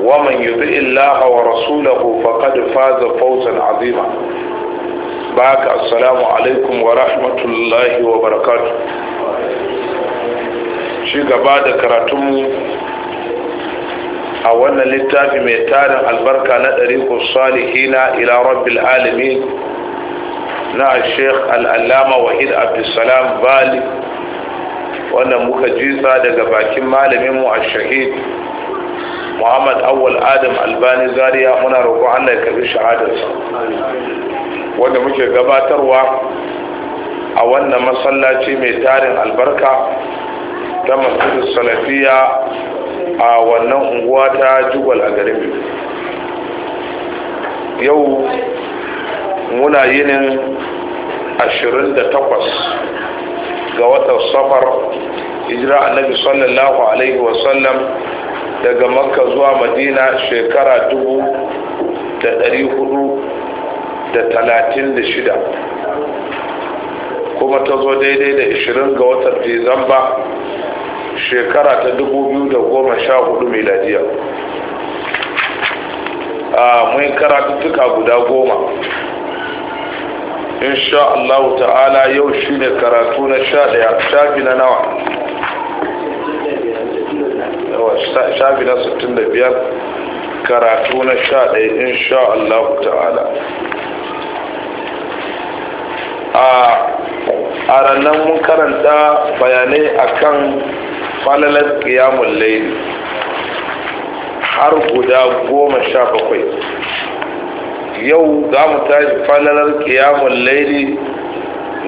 ومن يطع الله ورسوله فقد فاز فوزا عظيما باك السلام عليكم ورحمة الله وبركاته شيء بعد كراتم a wannan littafi mai tarin albarka na ɗariƙun salihina ila rabbil alamin na sheikh al'allama wahid abdulsalam bali Wannan muka jisa daga bakin malaminmu a shahid muhammad awwal adam albani zaria muna roƙon allah ya karbi shahadarsa wanda muke gabatarwa a wannan masallaci mai tarin albarka ta masjid salafiya a wannan unguwa ta jubal a garin yau muna yinin 28 ga watan safar hijira annabi sallallahu alaihi wasallam daga makka zuwa madina shekara dubu da dari hudu da talatin da shida kuma ta zo daidai da ishirin ga watan disamba shekara ta dubu biyu da goma sha hudu miladiya a mun karatuttuka guda goma insha Allah ta'ala yau shine karatu na sha daya shafi na nawa shafi na 65 karatu na 11 insha Allah ta'ala a ranar mun karanta bayanai akan falalar kiyamun laili har guda goma sha bakwai yau za mu tashi falalar kiyamun laili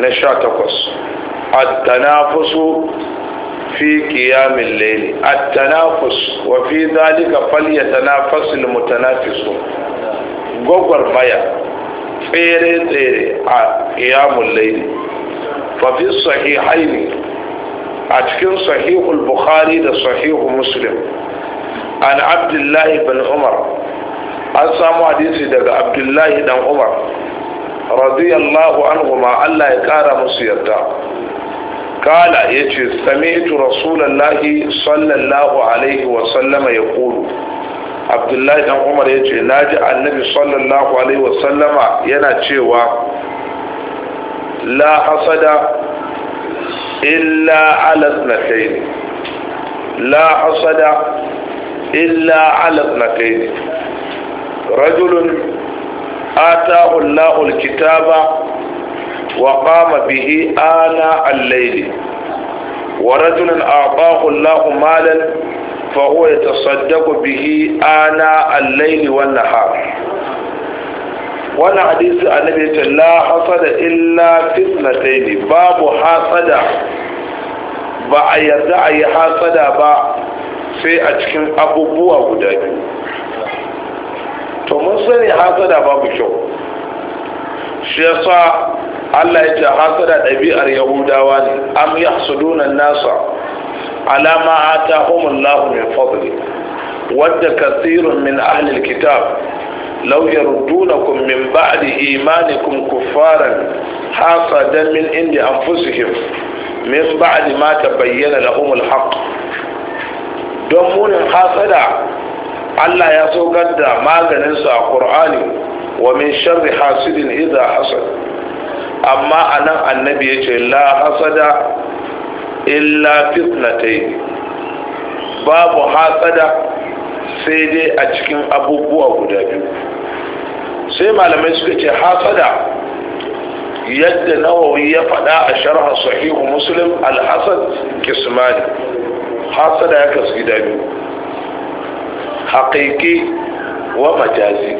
na sha takwas a tanafusu fi qiyamil layl at-tanafus wa fi dhalika falyatanafasul mutanafisun gogwar maya tsere tsere a qiyamul layl fa fi sahihaini a cikin sahihul bukhari da sahihu muslim an abdullahi bin umar an samu hadisi daga abdullahi dan umar radiyallahu anhu Allah ya kara musu yarda kala ya ce sami'tu rasulallahi sallallahu alaihi wasallama ya kulu abdullahi dan umar ya ce na ji annabi sallallahu alaihi wasallama yana cewa la hasada illa ala ne la hasada illa ala ne rajulun آتاه الله الكتاب وقام به آناء الليل ورجل أعطاه الله مالا فهو يتصدق به آناء الليل والنهار wani hadisi annabi ce la hasada illa fitnataini babu hasada ba a yarda a yi hasada ba sai a cikin abubuwa guda biyu to mun sani hasada babu kyau shi yasa Allah ya ce hasada ɗabi'ar yahudawa ne am yahsuduna nasa alama ma atahumullahu min fadli wadda kasirun min ahli alkitab law yardunakum min ba'di imanikum kuffaran hasadan min indi anfusihim min ba'di ma tabayyana lahum alhaq don munin hasada Allah ya saukar da maganinsa a Qur'ani wa min sharri hasidin idha hasad amma anan annabi yace la hasada illa fitnatayn babu hasada sai dai a cikin abubuwa guda biyu sai malamai suka ce hasada yadda nawawi ya faɗa a sharha sahihu muslim al-hasad kismani hasada ya kasu gida biyu haƙiƙi wa majazi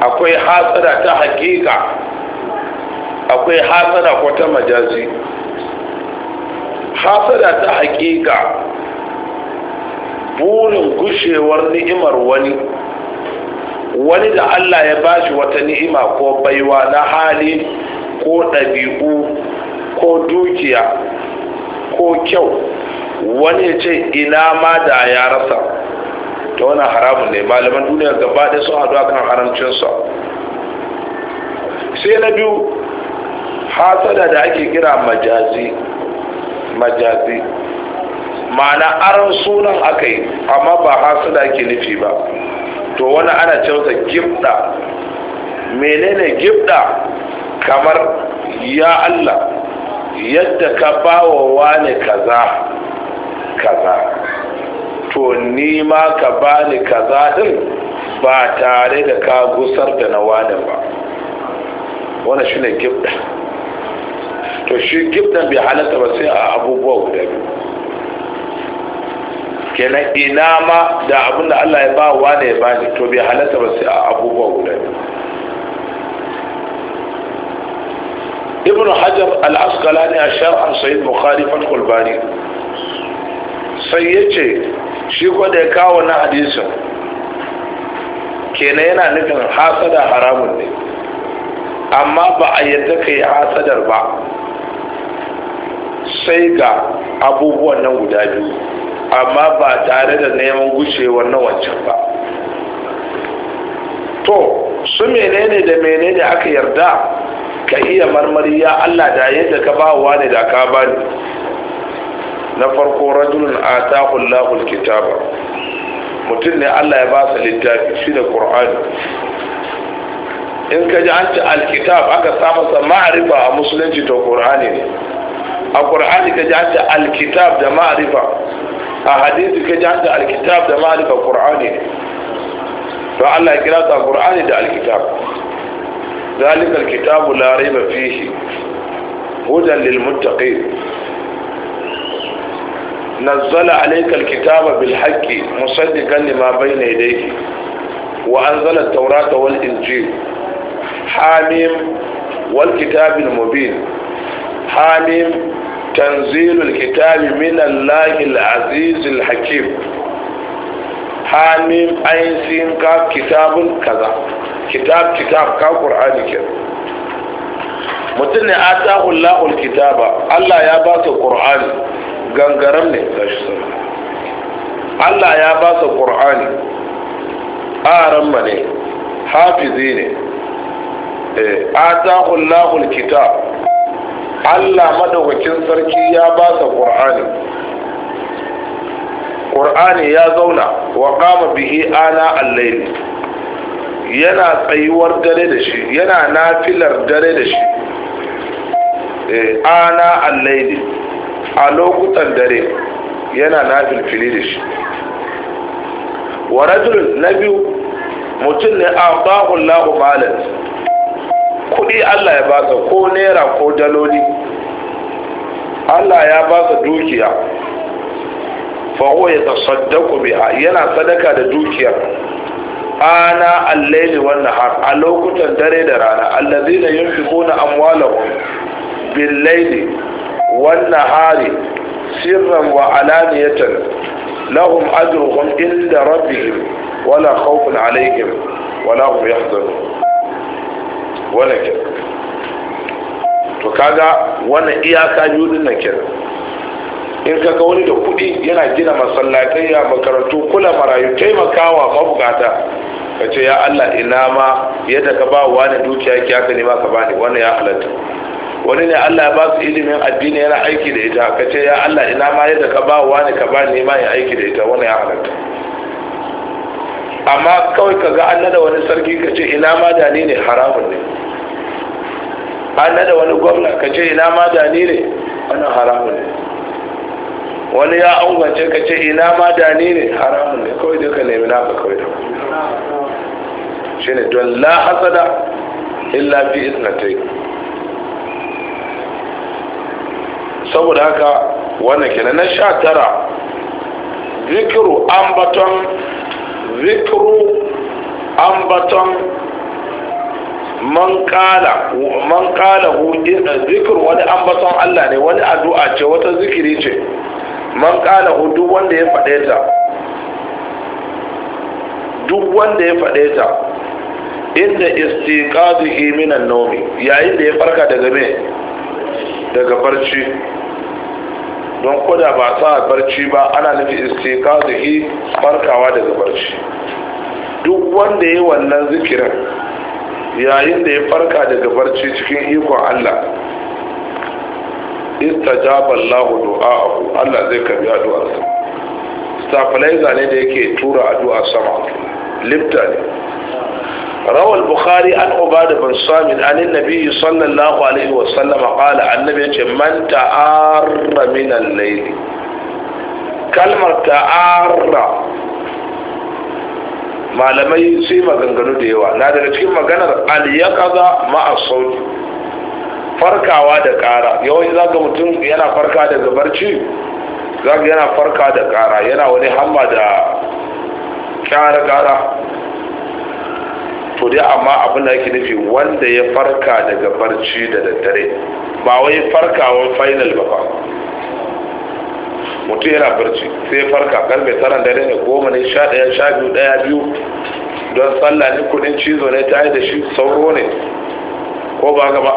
akwai hatsara ta hakika akwai hatsara ko ta majazi hatsara ta hakika burin gushewar ni'imar wani wani da allah ya ba shi wata ni'ima ko baiwa na hali ko ɗabi'u ko dukiya ko kyau wani ya ce ina ma da ya rasa ta wani haramun ne malaman duniya gaba da su haɗu kan haramcinsa sai na biyu hasada da ake kira majazi majazi ma'ana aron sunan aka yi amma ba hasada ake nufi ba to wani ana canza gibda menene gifɗa? kamar ya Allah yadda ka bawa wane kaza kaza to ni ma ka bani kaza din ba tare da ka gusar da na wani ba wani shi ne gibda to shi gibdan bai halatta ba sai a abubuwa guda biyu kenan ina ma da abin da allah ya ba wa ne ya bani to bai halatta ba sai a abubuwa guda biyu ibn hajar al-asqalani a shar'an sayyid bukhari fathul Bani. sai ya ce shi kwada ya kawo na hadisin kenan yana nufin hasada haramun ne amma ba a yadda ka yi hasadar ba sai ga abubuwan nan guda biyu amma ba tare da neman gucewa na wancan ba to su menene da menene aka yarda ka iya marmari ya allah da yadda ka ba wa ne da ka ba ne na farko rajulun atahu Allahul kitaba mutum ne Allah ya ba su littafi shi da Qur'ani in ka ji an ci alkitab aka samu sa ma'arifa a musulunci to Qur'ani ne a Qur'ani ka ji an ci alkitab da ma'arifa a hadisi ka ji an ci alkitab da ma'arifa Qur'ani ne to Allah ya kira ta Qur'ani da alkitab ذلك الكتاب لا ريب فيه هدى للمتقين نزل عليك الكتاب بالحق مصدقا لما بين يديه وأنزل التوراة والإنجيل حاميم والكتاب المبين حاميم تنزيل الكتاب من الله العزيز الحكيم حاميم اين سين كاف كتاب كذا كتاب كتاب كاف قرآن كذا متن آتاه الله الكتاب الله يا باس القرآن gangaram ne shi sun Allah ya ba su Qur'ani aran ne hafizi ne eh, atahu Allahul kitab Allah madaukakin sarki ya ba su Ƙur'ani Qur'ani ya zauna wa qama bihi ana al-layl yana tsayuwar dare da shi yana nafilar dare da shi eh, ana al-layl a lokutan dare yana nafil fili da shi wa rajul na biyu mutum ne a ba'un lahu malas kudi allah ya basa ko naira ko daloli allah ya basa dukiya faho ya tasaddaku biha yana sadaka da dukiyar ana allaili wannan har a lokutan dare da rana allazina yunfiquna amwalahum bil laili والنهار سرا وعلانية لهم أجرهم عند ربهم ولا خوف عليهم ولا هم يحزنون ولكن to kaga wannan iyaka biyu din nan kenan in kaga wani da kuɗi yana gina masallatai ya makarantu kula marayu taimakawa mabukata ka ce ya Allah ina ma yadda ka ba wani dukiya ki haka ne ma ka bani wani ya halatta wani ne Allah ya ba su ilimin addini yana aiki da ita ka ce ya Allah ina ma yadda ka ba wa ne ka ba ni ma ya aiki da ita wani ya halatta amma kawai ka ga an nada wani sarki ka ce ina ma da ni ne haramun ne an nada wani gwamna ka ce ina ma da ni ne wannan haramun ne wani ya angwance ka ce ina ma da ni ne haramun ne kawai duka ka nemi naka kawai da ne don la hasada illa fi isnatai saboda haka wannan kenan na sha tara zikiru ambaton zikiru ambaton man kala man kala hu zikiru wani ambaton Allah ne wani addu'a ce wata zikiri ce man kala hu duk wanda ya faɗe ta duk wanda ya faɗe ta inda istiqazihi minan nawmi yayin da ya farka daga mai daga barci don koda ba sa barci ba ana nufi istiqazihi farkawa daga barci duk wanda yi wannan zikirin yayin da ya farka daga barci cikin ikon Allah istajaba Allah du'a'ahu Allah zai karbi addu'arsa stabilizer ne da yake tura addu'a sama lifta ne روى البخاري عن عبادة بن صامت عن النبي صلى الله عليه وسلم قال النبي من تعار من الليل كلمة تعار malamai sai maganganu da yawa na daga cikin maganar aliyakaza ma'a sauti farkawa da kara yawanci zaga yana farka daga barci zaga yana farka da kara yana wani hamma da kara kara to dai amma abin da yake nufi wanda ya farka daga barci da daddare ba wai farkawan final ba ba mutum yana barci sai farka karfe tara dare ne goma ne sha ɗaya sha biyu ɗaya biyu don sallah ne kudin cizo ne ta yi da shi sauro ne ko ba gaba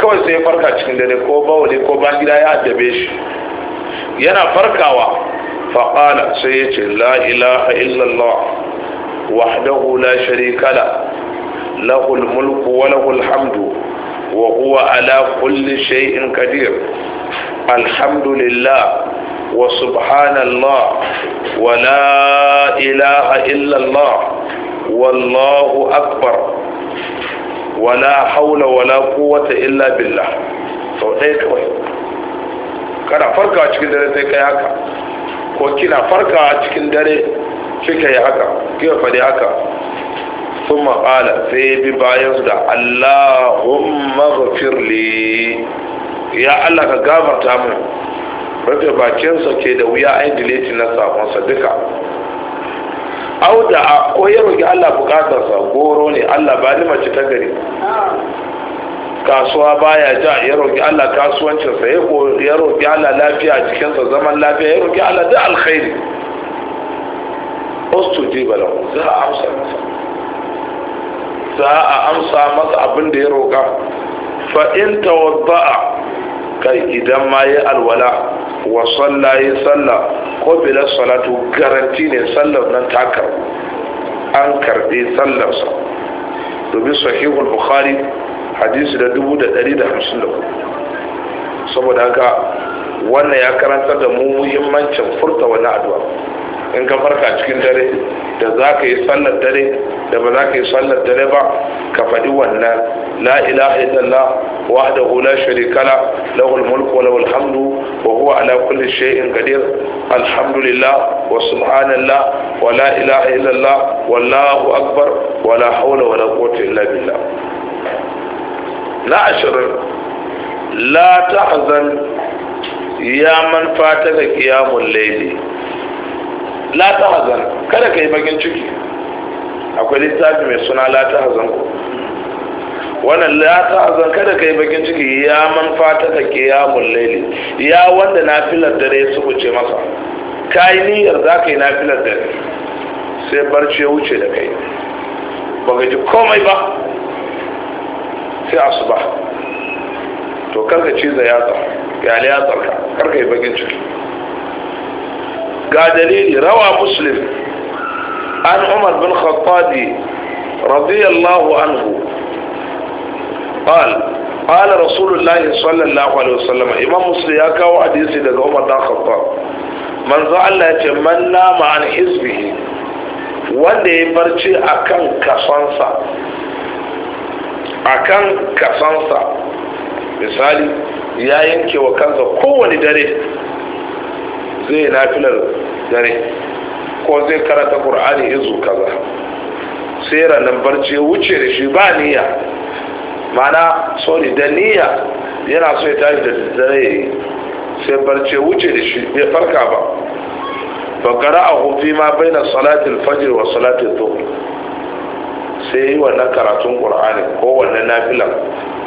kawai sai farka cikin dare ko bawali ko ba gida ya addabe shi yana farkawa faƙala sai ya ce la ilaha illallah wahdahu la sharika la له الملك وله الحمد وهو على كل شيء قدير الحمد لله وسبحان الله ولا إله إلا الله والله أكبر ولا حول ولا قوة إلا بالله sautai kawai kana farkawa cikin dare sai kai haka ko kina farkawa cikin dare kika yi haka kika faɗi haka sun ƙala sai bi bayan su da allahumma gafirli ya allah ka gafarta mu rufe bakinsa ke da wuya a yi na sakonsa duka auda a ko ya roƙi allah buƙatarsa goro ne allah ba ni mace ta gari kasuwa baya ja ya roƙi allah kasuwancinsa ya roƙi allah lafiya a cikinsa zaman lafiya ya roƙi allah da alkhairi ostu jibalan za a amsa masa za a amsa masa abin da ya roƙa fa in tawadda'a kai idan ma ya alwala wa salla yi salla ko bila salatu garanti ne sallar nan ta an karɓi sallarsa domin sahihul bukhari hadisi da dubu da ɗari da hamsin da saboda haka wannan ya karanta da mu muhimmancin furta wani addu'a in ka farka cikin dare da za ka yi sallar dare da ba za ka yi sallar dare ba ka faɗi wannan la ilaha illallah wahdahu da hula la lahul mulku wa lahul hamdu wa huwa ala kulli shay'in qadir alhamdulillah wa subhanallah wa la ilaha illallah wallahu akbar wa la hawla wa la quwwata illa billah la ashirin la tahzan ya man fataka qiyamul layli la ta hazan kada ka yi bakin ciki akwai littafi mai suna la ta hazan ku wannan la ta hazan kada ka yi bakin ciki ya man fata ka ya layli ya wanda na filar dare su wuce masa yi niyyar za ka yi na filar dare sai barci ya wuce da kai baka ji komai ba sai asuba to karka ciza yatsa ya liya ka karka yi bakin ciki ga dalili rawa muslim an umar bin khattabi radiyallahu anhu قال قال رسول الله صلى الله عليه وسلم مسلم ya kawo hadisi daga Umar dan Khattab manzo Allah ya man nama an wanda ya barci akan kasansa akan kasansa misali ya yanke wa kansa kowane dare zai nafilar dare ko zai karanta qur'ani izu kaza sai ranar barci wuce da shi ba niyya mana sorry da niyya yana so ya tashi da dare sai barci wuce da shi bai farka ba a ma bai na salatin صلاة wa salatin الظهر sai yi wannan karatun ƙur'ani ko wannan nafilan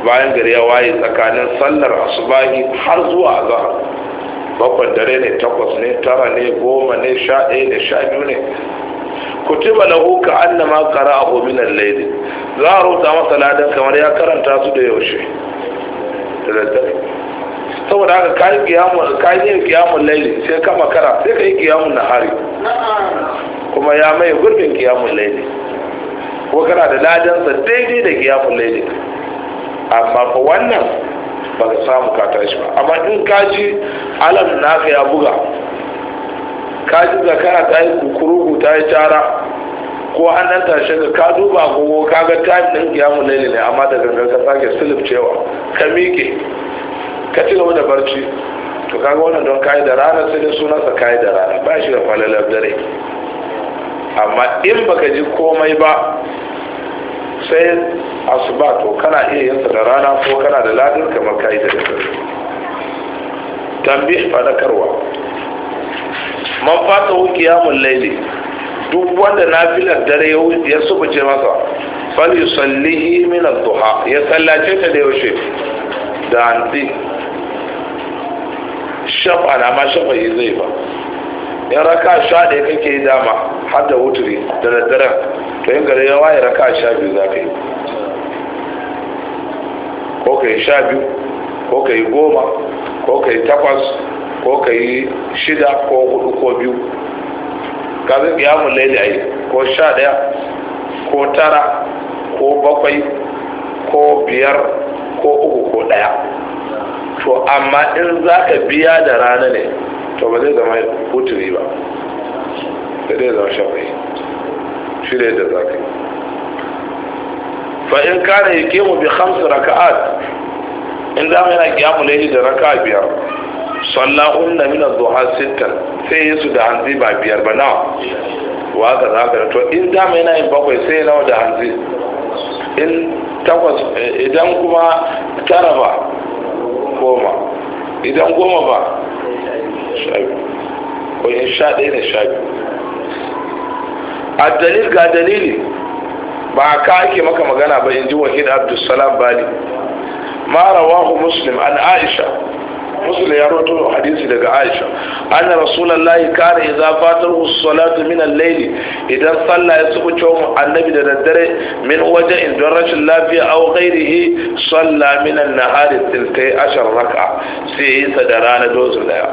bayan gari ya waye tsakanin sallar asubahi har zuwa azhar bakwai dare ne takwas ne tara ne goma ne sha ɗaya ne sha biyu ne kutiba lahu ka annama kara min al-layl za a rubuta masa ladan kamar ya karanta su da yaushe da daddare saboda haka kayi kiyamun kayi yin kiyamun laili sai ka makara sai ka yi kiyamun nahari kuma ya mai gurbin kiyamun laili ko kana da ladansa daidai da kiyamun laili amma fa wannan ba ka samu ka tashi ba amma in ka ji alam naka ya buga ka ji zakara ta yi kukurugu ta yi tara ko an nan tashi ka ka duba agogo ka ga time din kiyamu laili ne amma da gangan ka sake silif cewa ka miƙe ka ci gaba da barci to kaga wannan don kayi da rana sai dai sunansa kayi da rana ba shi da falalar dare amma in baka ji komai ba sai asuba to kana iya yinsa da rana ko kana da ladin kamar kayi da dare tambi fadakarwa man fata qiyamul laili duk wanda na filar dare ya subuce masa fali salli min duha ya sallace ta da yaushe da hantsi shafa na ma shafa zai ba in raka sha ɗaya kake yi dama har da wuturi da daddaren to yin gari ya raka sha biyu za ka yi ko ka yi sha biyu ko ka yi goma ko ka yi takwas ko ka yi shida ko hudu ko biyu ka zai kiyamun laili a yi ko sha ɗaya ko tara ko bakwai ko biyar ko uku ko ɗaya to amma in za ka biya da rana ne to ba zai zama hutuni ba da zai zama shafa'i shi da yadda za ka yi fa'in ya ke mu bi hamsu raka'at in dama yana kiyamu laili da raka'a biyar sallahun na mina zuwa sittan sai yi su da hanzi ba biyar ba nawa wa ka za ka to in dama yana yin bakwai sai nawa da hanzi in takwas eh, idan kuma tara ba goma idan goma ba a dalil ga dalili ba ka ake maka magana ba in ji wahid abdulsalam bali ma rawahu muslim an aisha muslim ya roto hadisi daga aisha anna rasulullahi kana idza fatahu salatu min al-layl idan sallah ya suku cewa annabi da daddare min waje in don rashin lafiya aw ghairihi salla min an-nahari tilkai ashar raka sai yi sa da rana dozu daya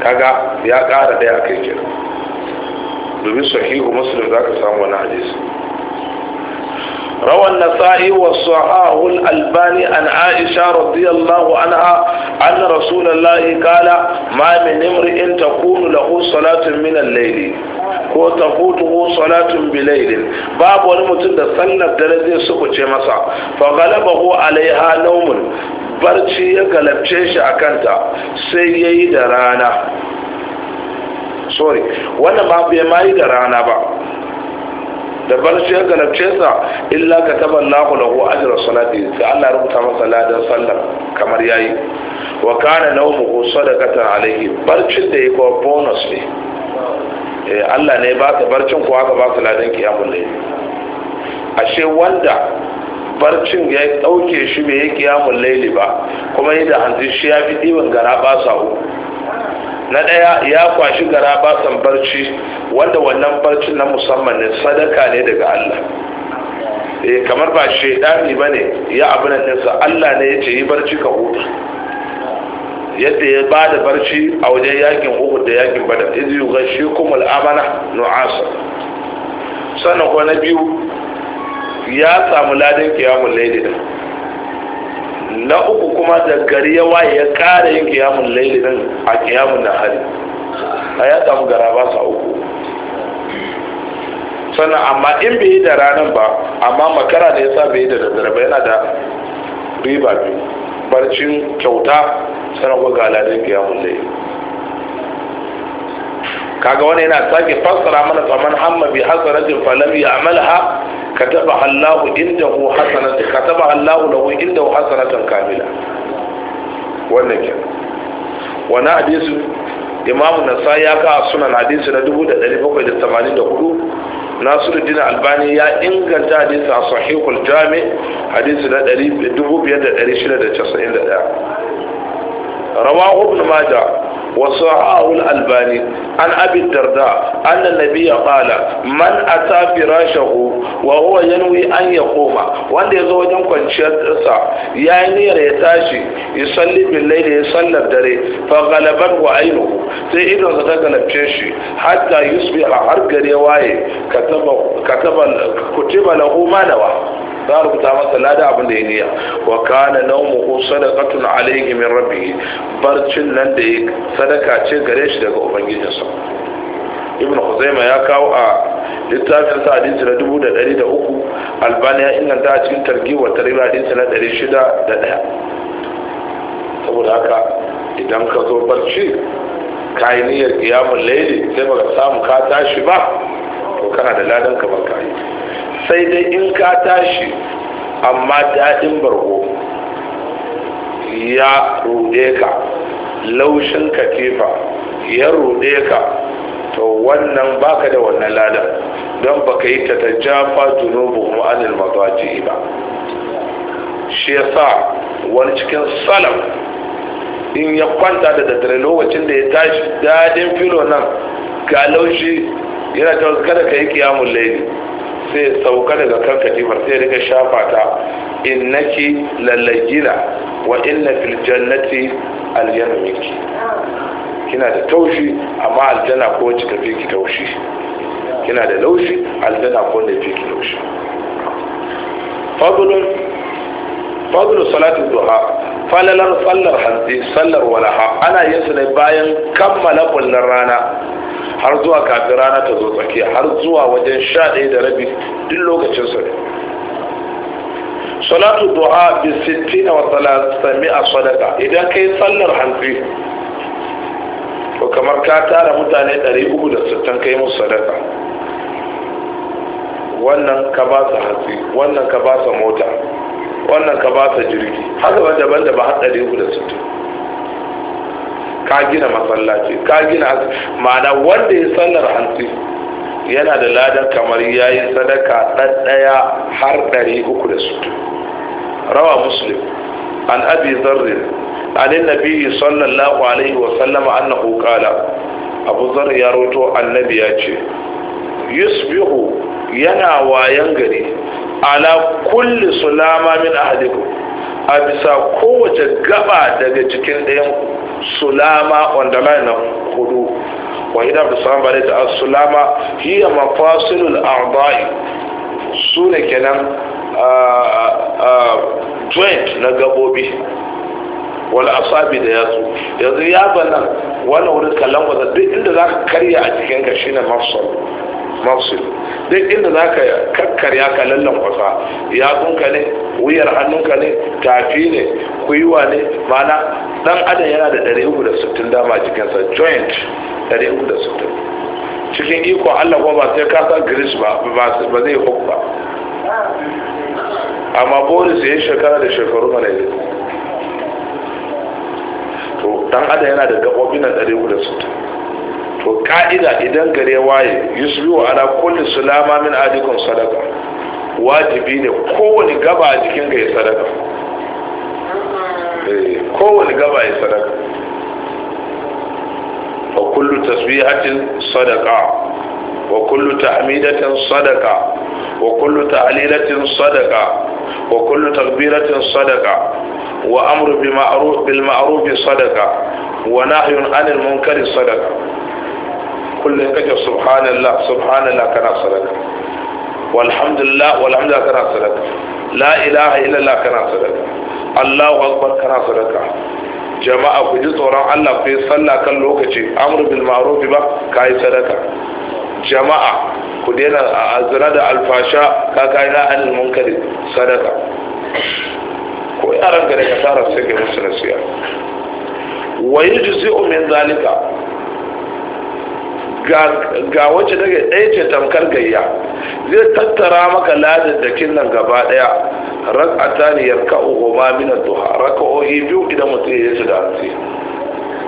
kaga ya ƙara ɗaya a kai kenan domin sahihu muslim za ka samu wani hadisi روى النسائي والصحاه الألباني عن عائشة رضي الله عنها أن رسول الله قال ما من امرئ تكون له صلاة من الليل ko ta hutu salatun bilailin babu wani mutum da sallar dare zai sukuce masa fa ko alaiha naumun barci ya galabce shi a kanta sai yayi da rana sorry wannan ma bai ma yi da rana ba da barci ya galabce sa illa ka taba lahu lahu ajra salati sai Allah rubuta masa ladan sallar kamar yayi wa kana nawmuhu sadaqatan alayhi barcin da yake bonus ne Eh Allah ne ba ka barcin ko aka ba ka ladan kiyamul layl ashe wanda barcin ya dauke shi bai yi kiyamul layli ba kuma yi da hanzu shi ya fi diban gara ba na ɗaya ya kwashi gara basan barci wanda wannan barci na musamman ne sadaka ne daga Allah eh kamar ba shaidani bane ya abin nan sa Allah ne yace yi barci ka huta yadda ya ba da barci a wajen yakin Uhud da yakin bada idh yughashikum al-amana nu'as sannan ko na biyu ya samu ladan kiyamul layli na uku kuma da gari ya waye ya kara yin kiyamun laili din a kiyamun na hari a ya samu gara ba sa uku sannan amma in bai yi da ranar ba amma makara da ya sa bai yi da daddare ba yana da riba biyu barcin kyauta sana ko ga aladun kiyamun laili kaga wani yana sake fassara mana tsaman hamma bi hasaratin falam ya amalha kataba Allahu indahu hasanatan kataba Allahu lahu indahu wannan ke wani hadisi imam nasa ya ka sunan hadisi na 1784 nasiruddin albani ya inganta hadisi a sahihul jami hadisi na 2691 rawahu ibn majah وصححه الألباني عن أبي الدرداء أن النبي قال من أتى فراشه وهو ينوي أن يقوم وأن يزوج كنشيرسا يعني ريتاشي يصلي بالليل يصلي الدري فغلبته عينه سيئد وتغلب شيشي حتى يصبح حرق رواية كتب, كتب, كتب له ما نوى za a rubuta masa lada abin da ya niya wa kana nawmuhu sadaqatun alayhi min rabbih barcin nan da ya sadaka ce gare shi daga ubangijinsa ibn khuzaima ya kawo a littafin sa hadisi na uku albani ya inganta a cikin targhib wa targhib hadisi na 601 saboda haka idan ka zo barci kayi niyyar kiyamun laili sai baka samu ka tashi ba wato kana da ladan kamar ka yi sai dai in ka tashi amma daɗin bargo ya ruɗe ka laushin katifa ya ruɗe ka to wannan baka da wannan ladan don baka yi ta tajafa junubu anil mazaji ba shi yasa wani cikin salam in ya kwanta da daddare lokacin da ya tashi daɗin filo nan ga laushi yana ta wasu kada ka yi kiyamun laili sai sauka daga kan katifar sai rika shafa ta innaki lallajina wa na fil jannati miki kina da taushi amma aljanna ko wacce ta fi ki taushi kina da laushi aljanna ko wanda fi ki laushi fadlun fadlu salatu duha falalar sallar hanzi sallar walaha ana yin su ne bayan kammala kullun rana har zuwa kafin rana ta zo tsakiya har zuwa wajen sha ɗaya da rabi duk lokacin su ne salatu duha bi sittina wa a sadaka idan kai sallar hanzi to kamar ka tara mutane ɗari uku da 360 kai musu sadaka wannan ka ba su hatsi wannan ka ba su mota wannan ka ba ta jirgi haka ba daban da ba har ɗari uku da sittin ka gina masallaci ka gina ma'ana wanda ya sallar hantsi yana da ladan kamar ya yi sadaka ɗaɗɗaya har ɗari uku da sittin rawa muslim an abi zarrin عن النبي صلى الله عليه وسلم Abu قال أبو ذر يروتو ya ce يصبح yana wayan gari ala kulli sulama min ahlikum a bisa kowace gaba daga cikin ɗayan sulama wanda line na hudu wa idan da sulama bare ta sulama hiya mafasilul a'dai sune kenan joint na gabobi Wani asabi da yatsu yanzu ya bala wannan wurin kallon wasa duk inda za ka karya a cikin ka shine mafsal mafsal duk inda za ka kakkarya ka lallan wasa yatsunka ne wuyar hannunka ne tafi ne kuiwa ne mana dan adam yana da 360 dama cikinsa joint 360 cikin ikon Allah ko ba sai ka san Greece ba ba zai hukba amma Boris ya yi shekara da shekaru mana yanzu to dan adam yana da gabobi na ɗari da su to ka'ida idan gare waye yusbihu ala kulli sulama min adikum sadaka wajibi ne koWani gaba a cikin ga ya sadaka eh, kowani gaba ya sadaka fa kullu tasbihatin sadaka وكل تحميدة صدقة وكل تعليلة صدقة وكل تكبيرة صدقة وأمر بمعروف بالمعروف صدقة ونهي عن المنكر صدقة كل كجر سبحان الله سبحان الله كنا صدقة والحمد لله والحمد لله كنا صدقة لا إله إلا الله كنا صدقة الله أكبر كنا صدقة jama'a ku ji tsoron Allah ku yi sallah kan lokaci amru bil ma'ruf ba kai sadaka jama'a ku daina a azina da alfasha ka kai na anil sadaka ko yaran ka da ka tara sai ka musu nasiya wa yujzi'u min zalika ga ga wacce daga ɗaya ce tamkar gayya zai tattara maka kin nan gaba ɗaya rak'atani yarka'u huma min ad-duha rak'o'i biyu idan mutum ya yi su da hantsi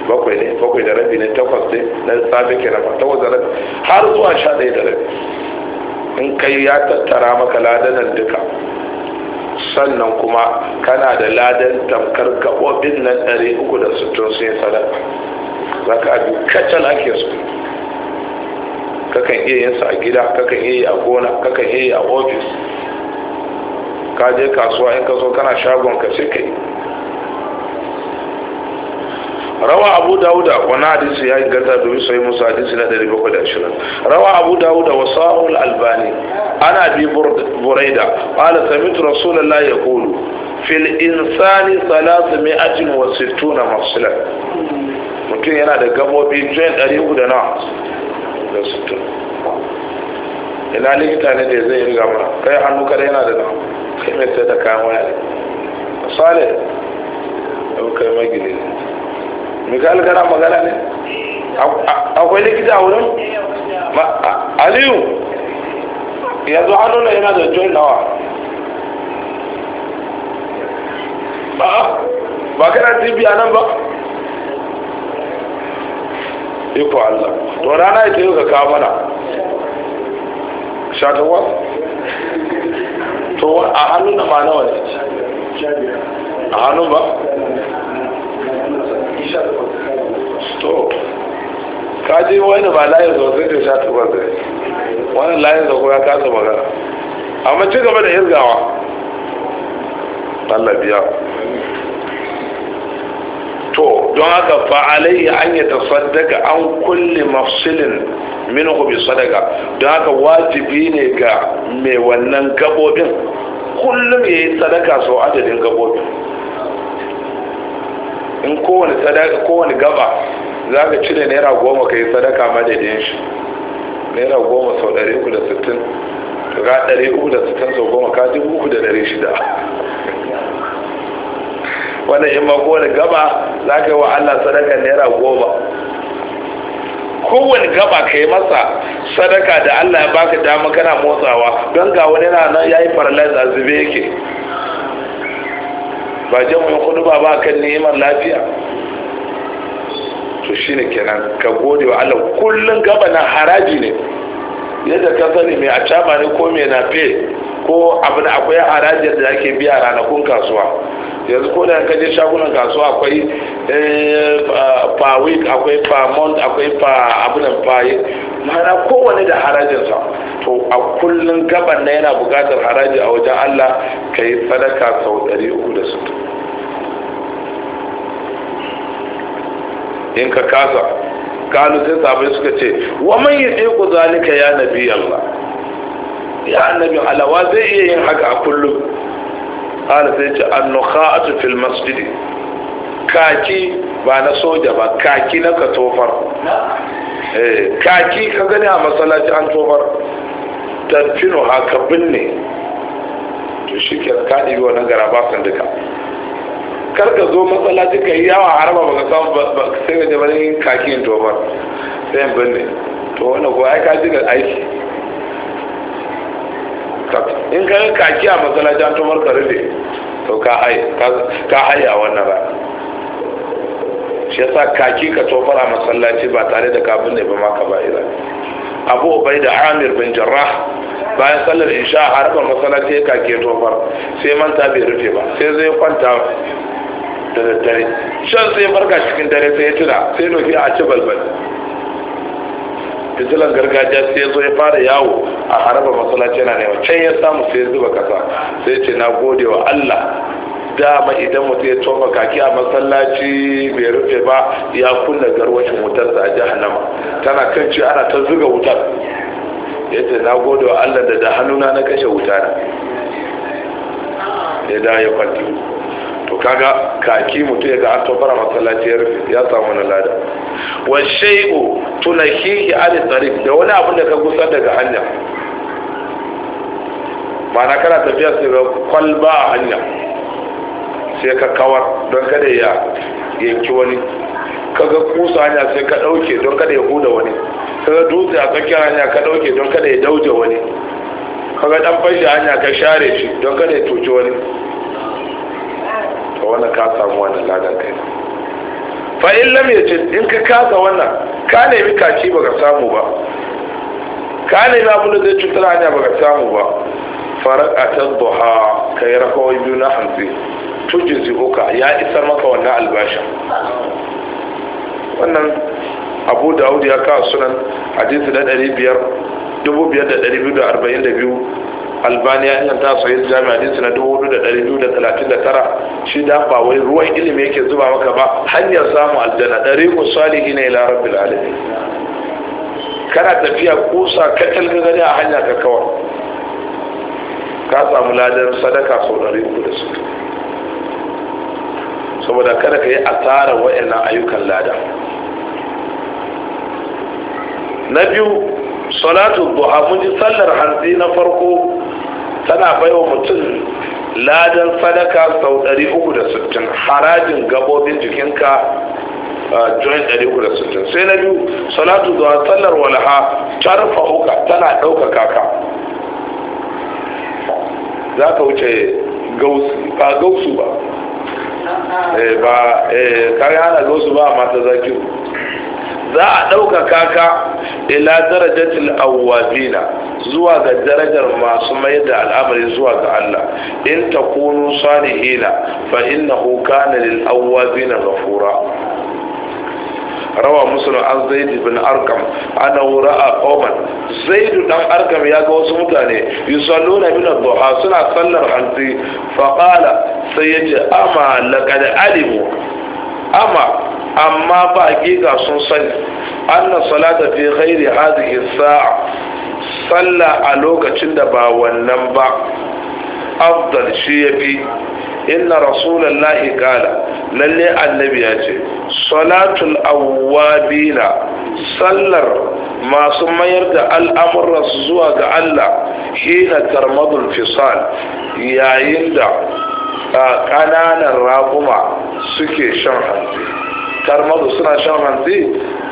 bakwai ne bakwai da rabi ne takwas ne na safe ke ba takwas da rabi har zuwa sha ɗaya da rabi in kai ya tattara maka ladanan duka sannan kuma kana da ladan tamkar gaɓoɓin nan ɗari uku da sittin sun yi sadaka za ka abi kacal ake su kakan iya yin sa a gida kakan iya yi a gona kakan iya yi a ofis ka je kasuwa in ka zo kana shagon ka sai ka yi rawa abu dawuda wani hadisi ya inganta domin sai musa hadisi na 720 rawa abu dawuda wa sahul albani ana bi buraida qala sami'tu rasulullahi yaqulu fil insani 360 mafsila mutum yana da gabobi join 300 da na da 60 ina likita ne da zai riga mana kai hannu kada yana da nawa kai mai sai da kayan waya ne misali kai magini ne misal kana magana ne akwai likita a wurin aliyu yanzu nuna yana da join nawa ba kana tibi a nan ba iko allah to rana ya ce ka kawo mana shatawa to a hannun na ma nawa ne a hannun ba kaji wani ba layin zaune da sha tuba zai wani layin zaune ya kasa magana amma ci gaba da irgawa Allah biya to don haka fa alaihi an yi tasaddaka an kulli mafsilin minhu bi sadaka don haka wajibi ne ga mai wannan gabobin kullum ya yi sadaka sau adadin gabobin in kowane sadaka kowane gaba za ka cire naira goma ka yi sadaka madadin shi naira goma sau ɗari uku da sittin ka ga ɗari uku da sittin sau goma ka ji uku da ɗari shida wannan in ma kowane gaba za ka yi wa allah sadaka naira goma kowane gaba ka yi masa sadaka da allah ya baka dama kana motsawa don ga wani na nan ya yi paralyze a zube yake ba jami'in hudu ba ba kan neman lafiya to shine kenan ka gode wa Allah kullun gaba na haraji ne yadda ka sani mai acaba ne ko mai nafe ko abin akwai harajin da ake biya ranakun kasuwa yanzu ko da kaje shagunan kasuwa akwai eh, pa week akwai pa month akwai per abin per mana kowane da harajinsa to a kullum gaban na yana bukatar haraji a wajen allah ka yi sadaka sau 360 in ka kasa kanu sai sabai suka ce wa man ku zalika ya nabi Allah ya annabi alawa zai iya yin haka a kullum kana sai ce an fil masjid kaki ba na soja ba kaki na ka tofar eh, kaki ka gani a masallaci an tofar tafino haka binne to shi ke ka wa na garaba ba duka kar ka zo matsala ka yi yawa haraba baka samu ba sai ka jamanin yin kakin tobar sai birni to wani ko ai ka ji ga aiki in ka yi kaki a matsala jan tobar ka rufe to ka haya wannan ba shi yasa kaki ka tobar a masallaci ba tare da ka binne ba ma ka ba ira abu obai da amir bin jarrah bayan sallar sha a harkar masallaci ya kake tofar sai manta bai rufe ba sai zai kwanta da daddare shan sai farka cikin dare sai ya tuna sai nufi a ci balbal fitilan gargajiya sai ya zo ya fara yawo a haraba masallaci yana nema can ya samu sai ya zuba kasa sai ce na gode wa allah dama idan mutum ya tofa kaki a masallaci bai rufe ba ya kunna garwacin wutar sa a jahannama tana kan ce ana ta zuga wutar ya ce na gode wa allah da da hannuna na kashe wuta ya da ya kwanti to kaga kaki mutu ya ga an tabbara masallaci ya rufe ya samu wani lada wa shay'u tunahihi Ali tariq da wani abin da ka gusar daga hanya ma'ana kana tafiya sai ga kwalba a hanya sai ka kawar don kada ya yanki wani kaga kusa hanya sai ka dauke don kada ya huda wani kaga dutse a tsakiyar hanya ka dauke don kada ya dauje wani kaga dan fashi hanya ka share shi don kada ya tuci wani Ka wannan ka samu wannan ladan kai fa in lam yajid in ka kasa wannan ka nemi kaci baka samu ba ka nemi abin da zai cutar hanya baka samu ba faraqatan duha kai rakawai biyu na hamsin tujizi uka ya isar maka wannan albashin wannan abu dawud ya kawo sunan hadisi na 500 biyu Albaniya ya inganta sahih jami'a hadisi na 4239 shi da ba wai ruwan ilimi yake zuba maka ba hanyar samu aljanna dariqu salihin ila rabbil alamin kana tafiya kusa katal gani a hanya ka kawar ka samu ladan sadaka sau ɗari da su. saboda kada ka yi asarar wa'annan ayyukan lada na biyu salatu duha mun ji sallar hantsi na farko tana baiwa mutum ladan sadaka sau 360 harajin gabobin jikinka joint 360 sai na biyu salatu duha sallar walaha tarfa uka tana ɗaukaka ka za ka wuce ba gausu ba eh, ba eh, kare hana gausu ba mata zakiru za a ɗaukaka ka ila darajatil awwabina zuwa ga darajar masu mai da al'amari zuwa ga Allah in ta takunu salihina fa innahu kana lil awwabina ghafura rawa musulun an zaidu bin arkam ana wura a oman zaidu dan arkam ya ga wasu mutane yusallu na bin duha suna sallar hanzi faƙala sai ya ce ama laƙada alimu ama amma ba giga sun sani anna salata fi ghairi hadhihi sa'a salla a lokacin da ba wannan ba afdal shi yafi inna rasulullahi qala lalle annabi ya ce salatul awwabina sallar masu mayar da al'amuran su zuwa ga Allah hina tarmadul fisal yayin da ƙananan raƙuma suke shan hanzi tarmazu suna shan hanzi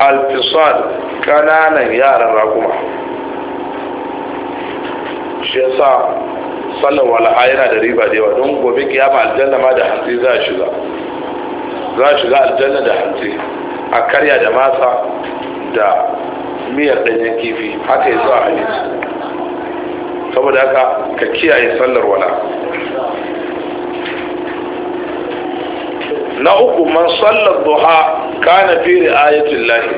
alfisad kananan yaran raguma shi yasa sallar wala'a yana da riba da yawa don gobe kiyama aljanna ma da hanzi za a shiga za a shiga aljanna da hanzi a karya da masa da miyar ɗanyen kifi haka yi zuwa hadisi saboda haka ka kiyaye sallar wala na uku man sallar duha kana fi ayatul lahi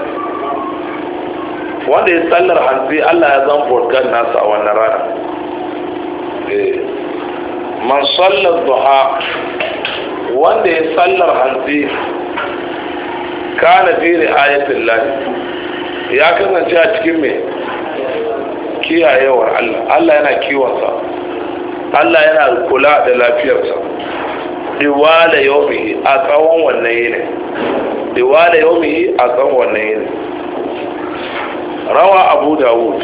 wanda ya sallar hantsi Allah ya zan furgan nasa a wannan rana eh, man sallar duha wanda ya sallar hantsi kana fi ayatul lahi ya kasance a cikin mai kiyayewar Allah Allah yana kiwonsa Allah yana kula da lafiyarsa diwala yomi a tsawon wannan yini diwala yomi a tsawon wannan yini rawa abu dawud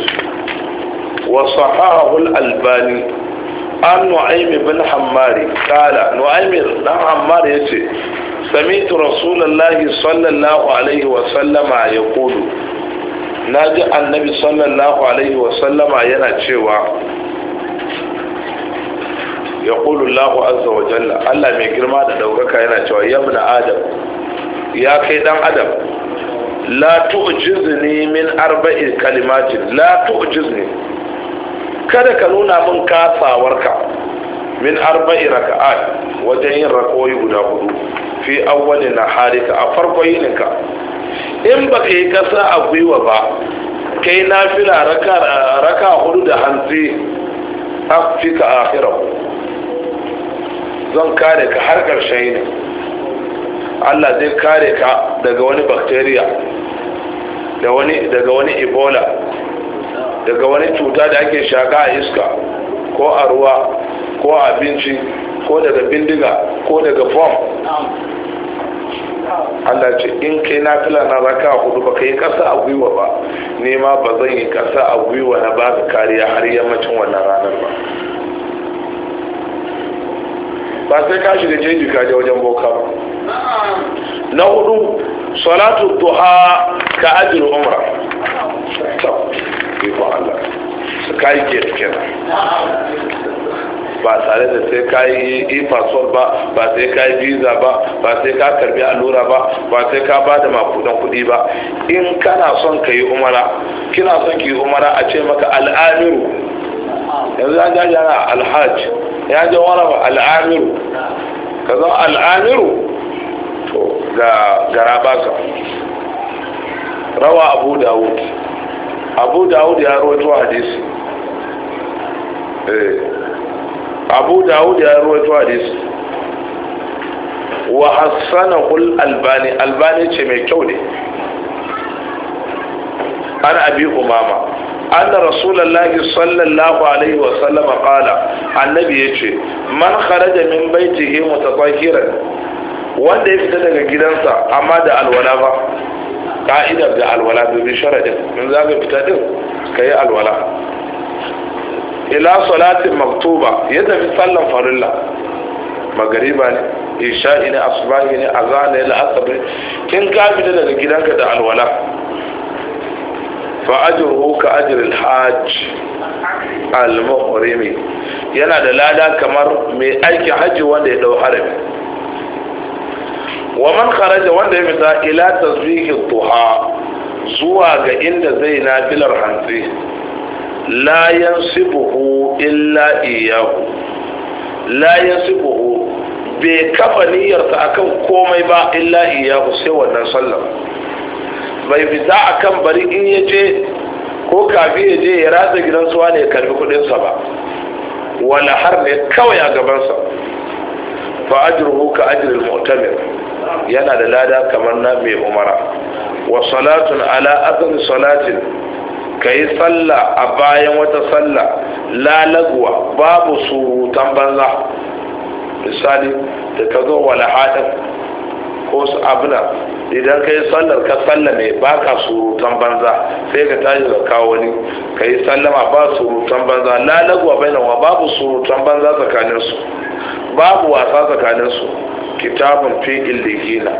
wa sahahul albani an nu'aym bin Hamari. Kala hammari qala nu'aym bin hammari yace sami'tu rasulullahi sallallahu alaihi wa sallama Na ji annabi sallallahu alaihi wa sallama yana cewa Yakulullahu Allahu azza wa jalla Allah mai girma da daukaka yana cewa ya adam ya kai ɗan adam la tu'jizni min arba'i kalimatin la kada ka nuna min kasawarka min arba'i raka'at wajen yin rakoyi guda hudu fi awwalin naharika a farko yininka in ba ka yi kasa a gwiwa ba kai nafila raka hudu da hantsi afika akhirahu zan kare ka har ƙarshen yini allah zai kare ka daga wani bacteria daga wani ebola daga wani cuta da ake shaka a iska ko a ruwa ko a abinci ko daga bindiga ko daga fom Allah ce in kai na fila na raka hudu ba ka yi kasa a gwiwa ba nema ba zan yi kasa a gwiwa na ba ka kariya har yammacin wannan ranar ba ba sai ka shiga jeji ka je wajen boka ba na hudu salatu duha ka ajin umra iko Allah su ka gate kenan ba tare da sai ka yi ifasol ba ba sai ka yi visa ba ba sai ka karbi allura ba ba sai ka ba da makudan kudi ba in kana son ka yi umara kina son ka yi umara a ce maka al'amiru yanzu an jajara alhaji ya ji ba al'amiru ka zama al'amiru to ga garaba ka rawa abu dawud abu dawud ya rawaito hadisi eh. abu dawud ya rawaito hadisi wa hassanahul albani albani ce mai kyau ne an abi umama anna rasulullahi sallallahu alaihi wa sallama qala annabi yace man kharaja min baitihi mutatahhiran wanda ya fita daga gidansa amma da alwala ba ka'idar da alwala domin sharadin in za ka fita din ka yi alwala ila salatin maktuba ya tafi sallan farilla magariba ne isha'i ne asubahi ne azan ne la'asar kin ka fita daga gidanka da alwala fa'ajiru ka ajiril hajj al-muhrimi yana da lada kamar mai aikin hajji wanda ya dau harami wa man kharaja wanda ya fita ila tasbihi duha zuwa ga inda zai na nafilar hantsi la yansibuhu illa iyyahu la yansibuhu bai kafa niyyarsa akan komai ba illa iyyahu sai wannan sallah bai fita a kan bari in ya je ko kafi ya je ya ratsa gidan suwa ne ya karbi kudinsa ba wala har ne kawai a gabansa fa ajruhu ka ajril mu'tamir yana da lada kamar na mai umara wa salatun ala azan salatin ka yi sallah a bayan wata sallah lalagwa babu surutan banza misali da ka zo wala haɗin ko su abuna idan ka yi sallar ka sallame ba ka surutan banza sai ka tashi ka kawo wani ka yi sallama ba surutan banza lalagwa nawa babu surutan banza tsakaninsu babu wasa tsakaninsu kitabun fi illigina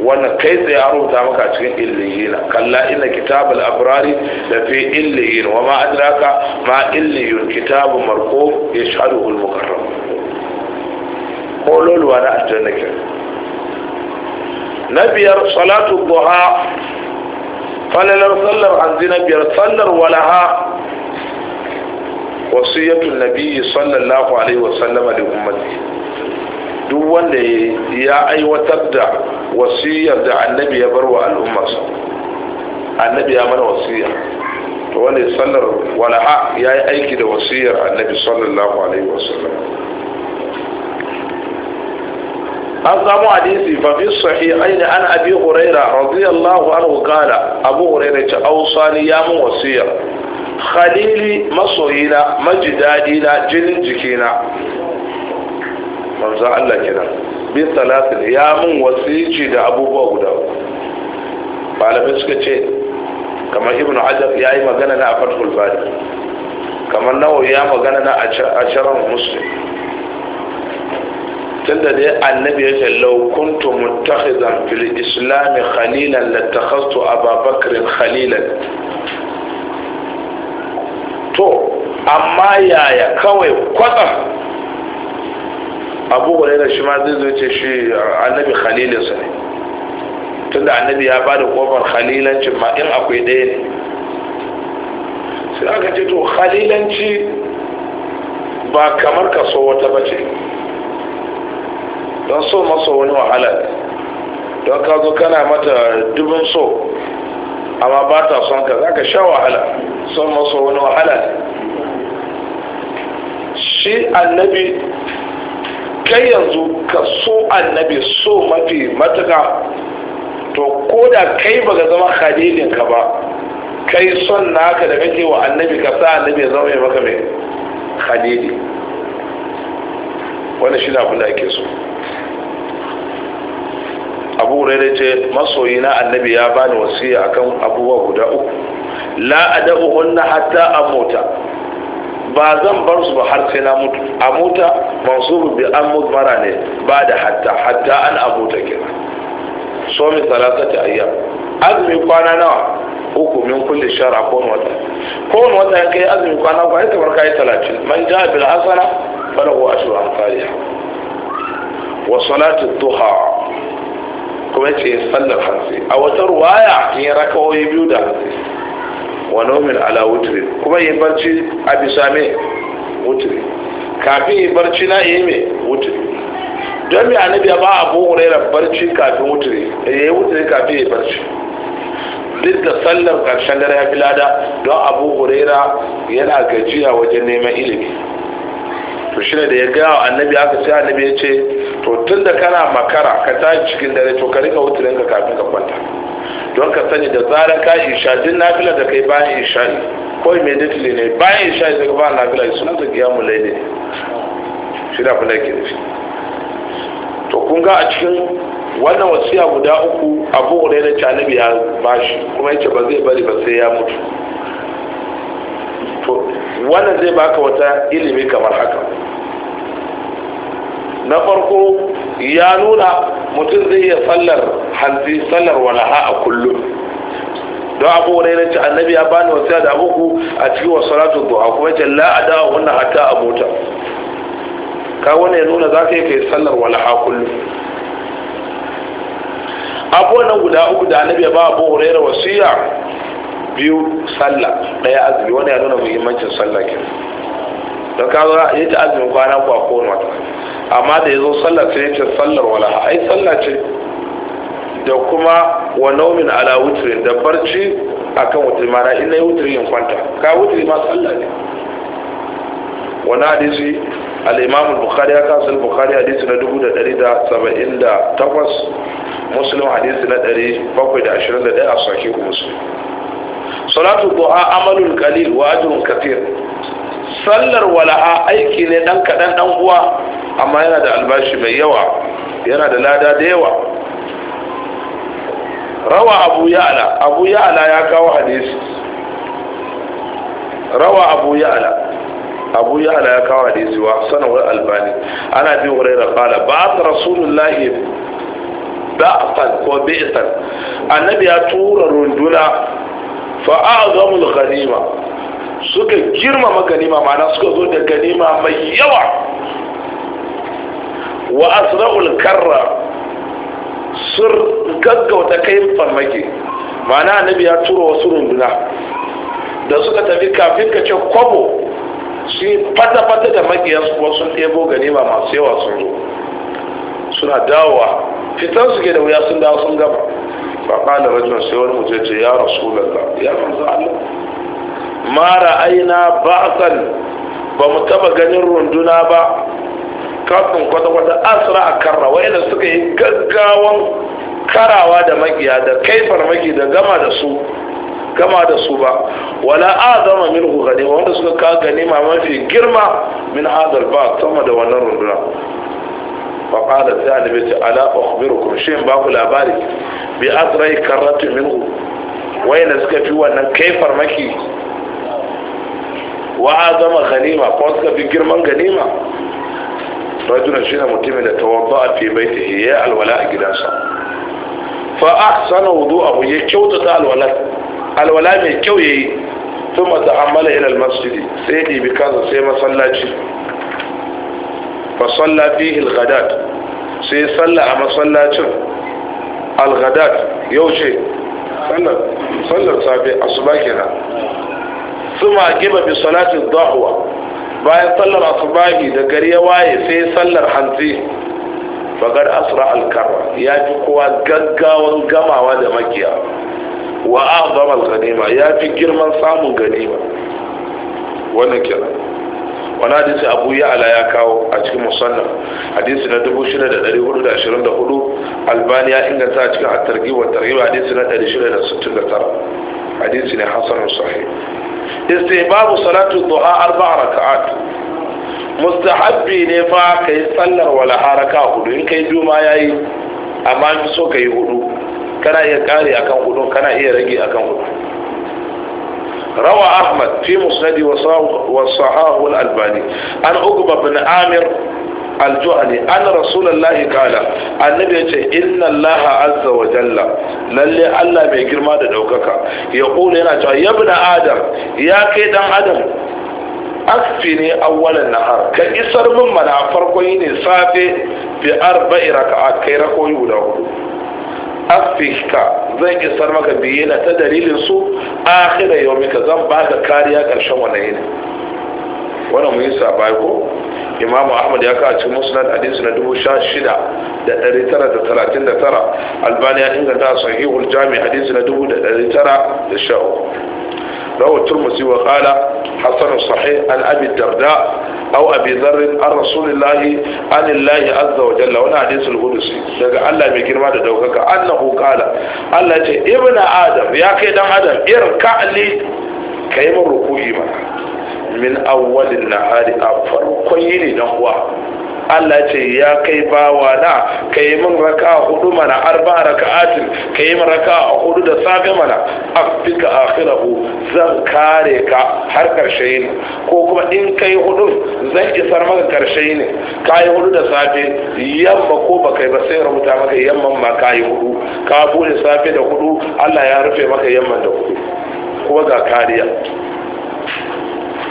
wannan kai tsaye an rubuta maka cikin illigina kalla ina kitabul abrari da fi illigina wa ma adraka ma illiyun kitabun marko ya shaɗu mukarram ko lolowa na aljanna na biyar salatu duha falalar sallar hanzi na biyar sallar walaha wasu wasiyatun nabiyyi sallallahu alaihi wasallama da ummati duk wanda ya aiwatar da wasiyar da annabi ya bar wa al'ummarsa annabi ya mana wasiyar to wanda sallar walaha ya yi aiki da wasiyar annabi sallallahu alaihi wasallam an samu hadisi fa fi sahihain an abi huraira radiyallahu anhu qala abu huraira ta ausani ya mun wasiya khalili masoyina majidadina jinin jikina manzo Allah kenan bi salatin ya mun wasici da abubuwa guda malamai suka ce kamar ibnu Ajab ya yi magana na a fatul bari kamar nawawi ya magana na a sharar muslim tunda dai annabi ya ce law kuntu muttakhizan fil islam khalilan latakhastu ababakr khalilan to amma yaya kawai kwatsam abu da shi ma zai ce shi annabi sa ne tunda annabi ya bada kofar khalilanci ma in akwai ɗaya ne sai aka ce to khalilanci ba kamar kaso wata bace don so masa wani wahala ne don ka zo kana mata dubin so amma ba ta son ka za ka sha wahala son masa wani wahala ne shi annabi kai yanzu ka so annabi so mafi matuka to ko da kai ba ga zama ka ba kai son naka da kake wa annabi ka sa annabi ya zama maka mai khalili wani shi na abin da ake so abu hurairah ce masoyina annabi ya bani wasiya akan abubuwa guda uku la hunna hatta amuta ba zan bar su ba har sai na mutu amuta mansubu bi an mudmara ne ba da hatta hatta an amuta kira so mi salasati ayyam azumi kwana nawa uku min kulli shara ko wata ko wata ya kai azumi kwana ko ai kamar kai 30 man ja bil hasana falahu ashru amsalha wa salatu dhuha kuma ce sallar hansi a wata ruwaya ya rakawoyi biyu da hansi wa nomin ala wuturi kuma yi barci a bisa mai wuturi kafin yi barci na yi mai wuturi don mai annabi ya ba abu huraira barci kafin wutri eh, ya yi wuturi kafin yi barci duk da sallar karshen dare ya fi lada don abu huraira yana gajiya wajen neman ilimi to shi da ya gaya wa annabi aka sai annabi ya ce to tun da kana makara ka tashi cikin dare to ka rika wuta ka kafin ka kwanta don ka sani da zarar ka isha din nafila da kai bayan isha ko immediately ne bayan isha da ka bayan nafila sunan ta kiyamu laili ne shi da ku da yake nufi to kun ga a cikin wannan wasiya guda uku abu hurairah ta annabi ya bashi kuma yake ba zai bari ba sai ya mutu to wannan zai baka wata ilimi kamar haka na farko ya nuna mutum zai iya sallar hanzi sallar walaha a kullum don abu wani yana annabi ya bani wasiya da abuku a cikin wasu salatu duha kuma ce la a dawa wannan a mota ka wani ya nuna za ka yi kai sallar walaha kullum abubuwan guda uku da annabi ya ba abu wasu wasiya biyu sallah ɗaya azumi wani ya nuna muhimmancin sallah ke don ka zo ya ta azumin kwana ko a wata amma da ya zo sallah sai ya ce sallar wala ai sallah ce da kuma wa naumin ala wutirin da barci akan wutiri mana in na yi wutiri yin kwanta ka wutiri ma sallah ne wani hadisi al-imam bukhari ya kasu bukhari hadisi na takwas muslim hadisi na ɗaya a sake muslim salatu du'a amalun qalil wa ajrun kathir sallar wala'a aiki ne dan kadan dan uwa amma yana da albashi mai yawa yana da lada da yawa rawa abu ya'la abu ya'la ya kawo hadisi rawa abu ya'la abu ya'la ya kawo hadisi wa sanawar albani ana bi hurairah qala ba'ath rasulullahi ba'atan ko bi'atan annabi ya tura runduna fa'a'azamu al suka girmama ganima ma'ana suka zo da ganima mai yawa wa asra'ul karra sun gaggauta kai farmaki ma'ana annabi ya turo wasu runduna da suka tafi kafin ka ce kwabo su yi fata-fata da makiyarsu kuma sun ɗebo ganima masu yawa sun zo suna dawowa fitan su ke da wuya sun dawo sun gaba faƙalar rajin sai wani mutum ce ya rasulallah ya manzo Allah ma ra'ayna ba'san ba mu taba ganin runduna ba kafin kwada-kwada asra a karra wayanda suka yi gaggawan karawa da makiya da kai farmaki da gama da su gama da su ba wala azama minhu ganima wanda suka ka ganima mafi girma min hadal ba sama da wannan runduna faƙala sai annabi ce ala ukhbirukum shin ba ku labari bi azrai karratu minhu wayanda suka fi wannan kai farmaki wa azama ganima ko suka fi girman ganima rajulun shine mutumin da tawadda fi baitihi ya alwala a gidansa fa ahsana wudu'ahu ya kyautata alwala alwala mai kyau yayi thumma ta'ammala ila almasjid sai sai masallaci fa salla fihi al-ghadat sai salla a masallacin al-ghadat yau ce sallar sallar safe asuba kenan suma giba bi salati dhahwa bayan sallar asubahi da gari ya waye sai sallar hanzi fagar asra al-karra ya fi kowa gaggawan gamawa da makiya wa azam al-ganima ya fi girman samun ganima wannan kenan wani hadisi abu ya ala ya kawo a cikin musannan hadisi na 6424 albani ya inganta a cikin attargi wa wa hadisi na 669 hadisi ne hasan sahi babu salatu duha arba'a raka'at mustahabbi ne fa kai sallar wala haraka hudu in kai biyu ma yayi amma so kai hudu kana iya kare akan hudu kana iya rage akan hudu روى أحمد في مسنده وصحاه الألباني عن عقبة بن عامر الجهني أن رسول الله قال النبي يقول إن الله عز وجل للي الله ميجر ما دوكك يقول هنا يا ابن آدم يا كيد آدم أكفني أول النهار كإسر من منع فرقين صافي بأربع ركعات كي ركوي ولو Afirka zan isar maka biyina ta dalilin su akhira yawmika zan ba baka kariya karshen wannan yini wannan mun yi sabai ko imamu ahmad ya kawo cikin musnad hadisi na dubu sha shida da ɗari tara da talatin da tara albani ya inganta sahihul jami hadisi na dubu da ɗari tara da sha uku rawar turmusi wa kala hasan sahih an abi darda aw abi dharr an rasulillahi an illahi azza wa jalla wani hadisul qudusi daga Allah mai girma da daukaka annahu qala Allah ce ibnu adam ya kai dan adam irka li kai mun ruku'i maka min awwalin nahari a farkon yini dan uwa Allah ce ya kai bawa na ka yi min raka hudu mana arba atin ka yi min raka a hudu da safe mana afika akhirahu zan kare ka har karshe ne ko kuma in ka yi hudu zan isar maka karshe ne ka yi hudu da safe yamma ko ba kai ba sai rubuta maka yamma ma ka yi hudu ka bude safe da hudu Allah ya rufe maka yamma da hudu kuma ga kariya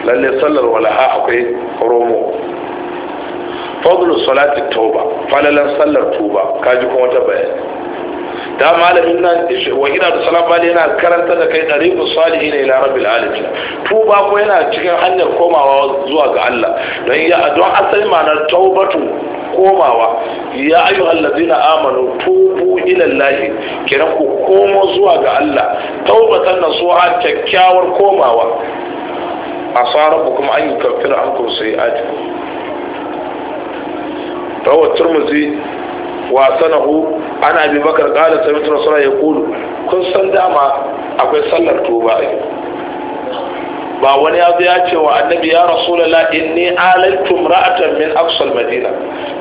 lalle sallar wala'a akwai romo fadlu salati tauba falalan sallar tuba kaji kuma wata bayan. da malamin nan wa ina da salam bali yana karanta da kai salihi ne ila rabbil alamin tuba ko yana cikin hanyar komawa zuwa ga Allah don ya don asali ma'anar taubatu komawa ya ayyuhal ladina amanu tubu ila Allah kiran ku komo zuwa ga Allah taubatan nasuha kyakkyawar komawa ayyukan an yukaffira ankum sayi'atikum روى الترمذي وسنه عن ابي بكر قال سمعت رسول الله يقول كن سن داما akwai sallar tuba ba wani ya zo ya ce wa annabi ya rasulullah inni alaltu ra'atan min aqsal madina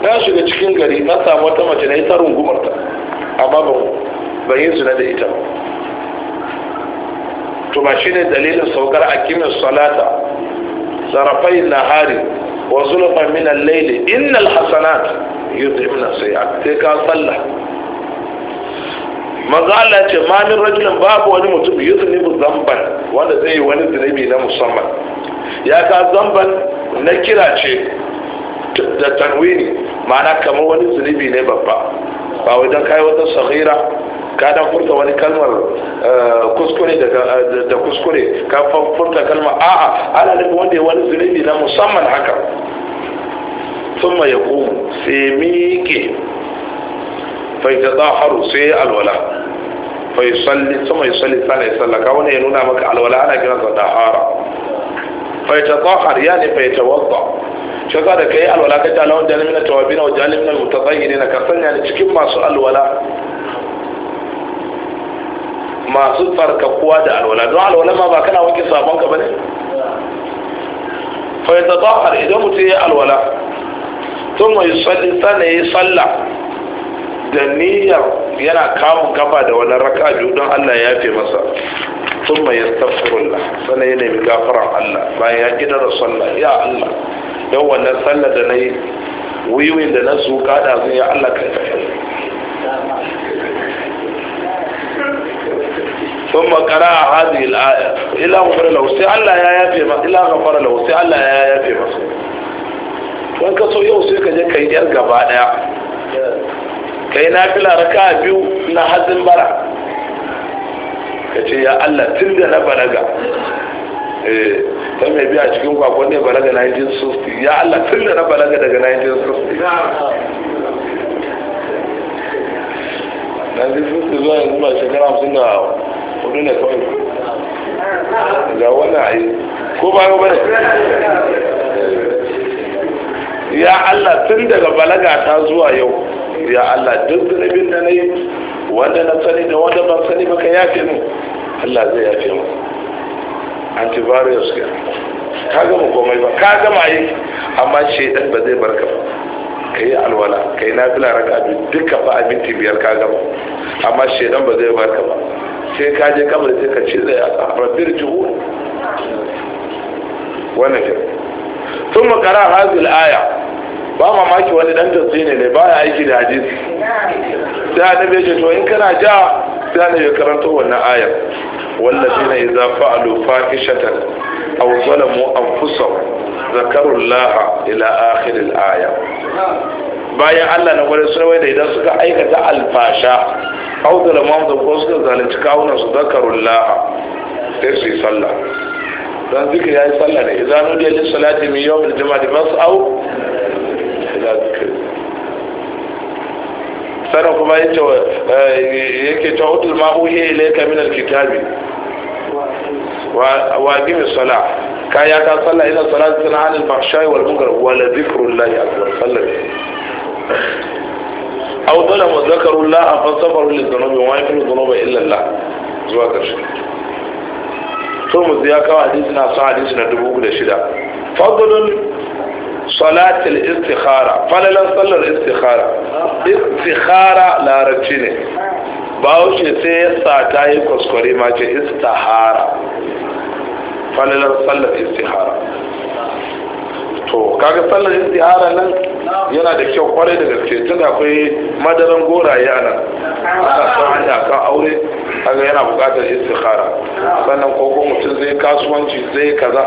na shiga cikin gari na samu wata mace na ita rungumar ta amma ban ban yi zina da ita to ba shine dalilin saukar akimin salata zarafai nahari wa zulfan min al-layl innal hasanat yudhibna sayi'at sai ka sallah maza Allah ce ma min rajulin babu wani mutum yuznibu zamban wanda zai yi wani zunubi na musamman ya ka zamban na kira ce da tanwini ma'ana kamar wani zunubi ne babba ba wajen kai wata sahira ka dan furta wani kalmar eh, kuskure eh, da kuskure ka furta kalmar a'a ana nufin wanda ya wani zunubi na musamman haka sun ya yaku sai miƙe fai ta tsaharu sai alwala fai salli sama yi salli sana yi sallaka wani ya nuna maka alwala ana gina sa tahara fai ta tsahar ya ne fai ta wadda shi yasa da kai alwala ka jala wajen min tawabi na wajen min mutatsayi ne na ka sanya ni cikin masu alwala masu tsarkakuwa da alwala don alwala ma ba kana wanke sabonka ba ne. fa ya tatahar idan mutum ya alwala tun mai sani sana salla da niyyar yana kamun kafa da wani raka biyu don allah ya fi masa tun mai ya tafirulla sana yi nemi gafaran allah bayan ya gidara salla ya allah don wannan salla da na yi wiwin da na suka da zai ya allah kan sun makara a hadin al'aya ila gafara lahu sai Allah ya yafe masa ila gafara lahu sai Allah ya yafe masa wani kaso yau sai ka je ka yi yar gaba ka yi nafila raka biyu na bara ka ce ya Allah na ta eh, mai biya cikin kwakwan ne balaga 1960 ya Allah tun da na balaga daga 1960 1960 zuwa yanzu ba shekara 50 da kudu ne kawai ga wannan ayi ko ba ga bane ya Allah tun daga balaga ta zuwa yau ya Allah duk zunubin da na yi wanda na sani da wanda ban sani baka ka yafe mu Allah zai yafe mu antivirus ga ka gama komai ba ka gama yi amma shaidan ba zai barka ba ka yi alwala ka yi nafila raka duka ba a biyar ka gama amma shaidan ba zai barka ba sai kaje kamar sai ka ci zai a tsafafir juhu wani ke sun makara hazil aya ba mamaki wani dan tatsi ne ne ba ya aiki da hadisi sai annabi ya ce to in kana ja sai annabi ya karanto wannan Wallafi ayar والذين إذا فعلوا a أو ظلموا أنفسهم Zakarun Laha ila آخر الآية bayan Allah na gwada sunawai da idan suka aikata alfasha au da lamam da ko suka zalunci kawunan su zakarullah sai su yi salla don zikiri ya yi sallah ne idan nudiya lil salati min yau al juma'ati da masu au? sannan kuma eh, yake ta hudu ma uhiya ilayka kaminar kitabi wa aqim sala kayaka sallah ina sallah ila salati tana anil fahsha'i wal munkar wa la dhikrullahi akbar sallah aw zalamu zakaru la fa sabaru li dhunubi wa yafiru dhunuba illa Allah zuwa karshe turmus ya kawo hadisi na son hadisi na dubu da shida fadlul salatul istikhara falalan sallar istikhara istikhara larabci ne bawuce sai ya ta yi kwaskwari ma ce istihara falalan sallar istihara to kaga sallar isti'ara nan yana da kyau kwarai da gaske tun akwai madaran goraye a nan ana son hanyar kan aure kaga yana buƙatar istikhara sannan ko ko mutum zai kasuwanci zai kaza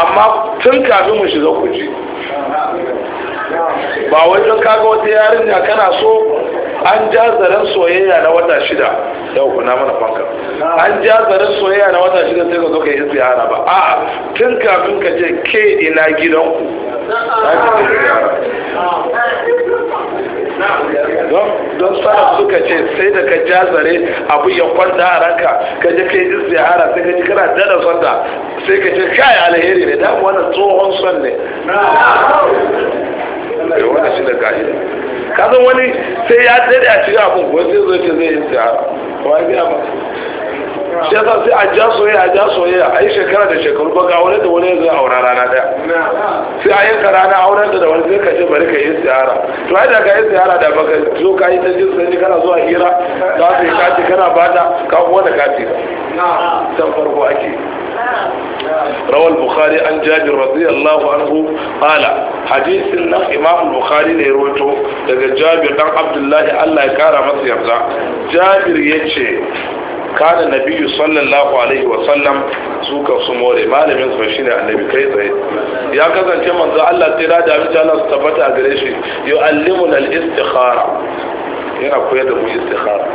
amma tun kafin mu shiga kuji ba wajen kaga wata yarinya kana so an ja zaren soyayya na wata shida yau kuna mana fanka an ja zarin soyayya na wata shida sai ka zo ka yi ziyara ba a tun kafin ka je ke ina gidanku don sa'a suka ce sai da ka ja zare abu ya kwanta a ranka ka je ka yi ziyara sai ka ji kana dada sonda sai ka ce kai alheri ne dama wannan tsohon son ne da eh, wani shi da ka'ida kasan wani sai ya dade a cikin abin ko sai zo ce zai yi ziyara Vai virar bagunça. shi yasa sai a ja soyayya a ja soyayya a yi shekara da shekaru ba ga wani da wani zai aura rana daya sai a yanka rana auren da wani zai kace bari ka yi siyara to ai da ka yi siyara da baka zo ka yi ta jin sanyi kana zuwa hira za su yi kati kana bada ka kuma da kati can farko ake روى البخاري عن جابر رضي الله عنه قال حديث امام البخاري ne roto daga Jabir dan Abdullahi Allah ya kara masa yarda Jabir yace kana nabiyyu sallallahu alaihi wa sallam su su more malamin su ne annabi kai tsaye ya kasance manzo Allah tira da amince Allah su tabbata a gare shi yu'allimuna al-istikhara yana koyar da mu istikhara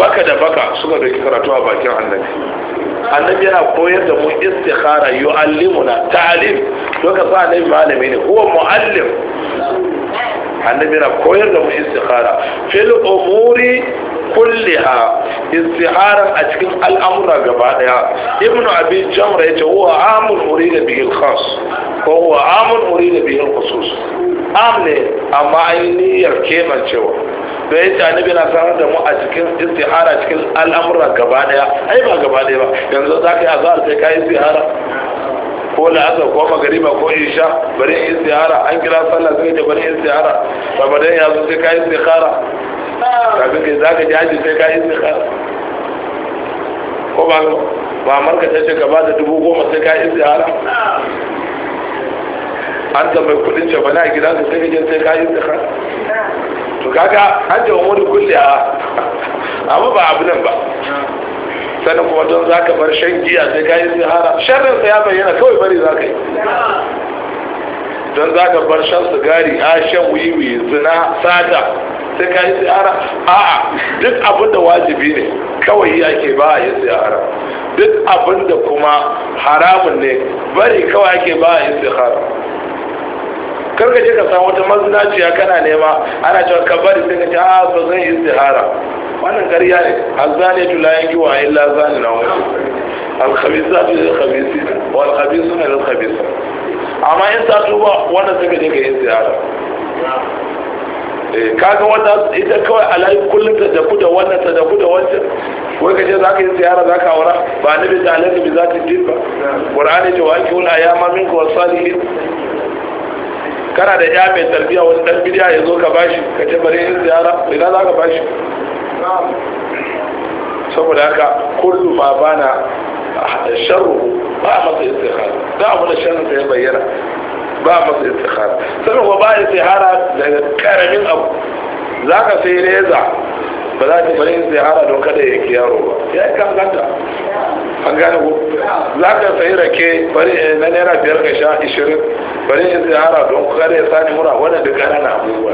baka da baka suka dauki karatu a bakin annabi annabi yana koyar da mu istikhara yu'allimuna ta'lim to ka sa annabi malami ne huwa mu'allim annabi yana koyar da mu istikhara fil umuri kulliha istihara a cikin al'amura gaba daya ibnu abi jamra yace huwa amul urida bihi al-khas ko huwa amul urida bihi al-khusus am ne amma ainihin kebancewa da yace annabi na sanar da mu a cikin istihara cikin al'amura gaba daya ai ba gaba daya ba yanzu za ka yi azahar sai ka yi ziyara ko la'asar ko magariba ko isha bari yi ziyara an kira sallah sai ka bari yi ziyara ramadan ya zo sai ka yi ziyara kafin kai za ka ji haji sai ka yi ziyara ko ba ba marka ta ce gaba da dubu goma sai ka yi ziyara an zama kudin ce bana a gidansa sai ka je sai ka yi ziyara to kaga hajji wa wani kulle a amma ba abu nan ba sanin kuma don za ka bar shan giya sai ka yi zihara sa ya bayyana kawai bari za ka yi don za ka bar shan sigari a shan wiwi zina sata sai ka yi a a'a duk abin da wajibi ne kawai ke ba a yi ziyara duk abin da kuma haramun ne bari kawai ake ba a yi ziyara kar ka je ka samu wata mazinaciya kana nema ana cewa ka bari sai ka ce a ah, ba zan yi istihara wannan ƙarya ne azzani tu la yanki wa illa zani na wani tu lil khabisi wal khabisuna lil khabisa amma in sa tuba sai ka je ka yi istihara eh, kaga wannan ita kawai alayi kullum ta dafu da wannan ta dafu da wancan wai kace za ka yi ziyara za ka aura ba ni bisa alaƙa bi za ta jin ba ƙur'ani ce wa ake wula ya ma min kuwa salihin kana da ya mai tarbiya wani dan bidiya ya zo ka bashi ka ce bari yin ziyara ina za ka bashi saboda haka kullu ma bana sharru ba a masa istikhara da abu da sharru sa ya bayyana ba a masa istikhara sannan kuma ba istikhara daga karamin abu zaka sai reza ba za ta bari ziyara don kada ya ki yaro ba ya yi kan ganta an gane ku za ka sayi rake bari na naira biyar ka sha ishirin bari in ziyara don kada ya sani mura wannan duk ana na abubuwa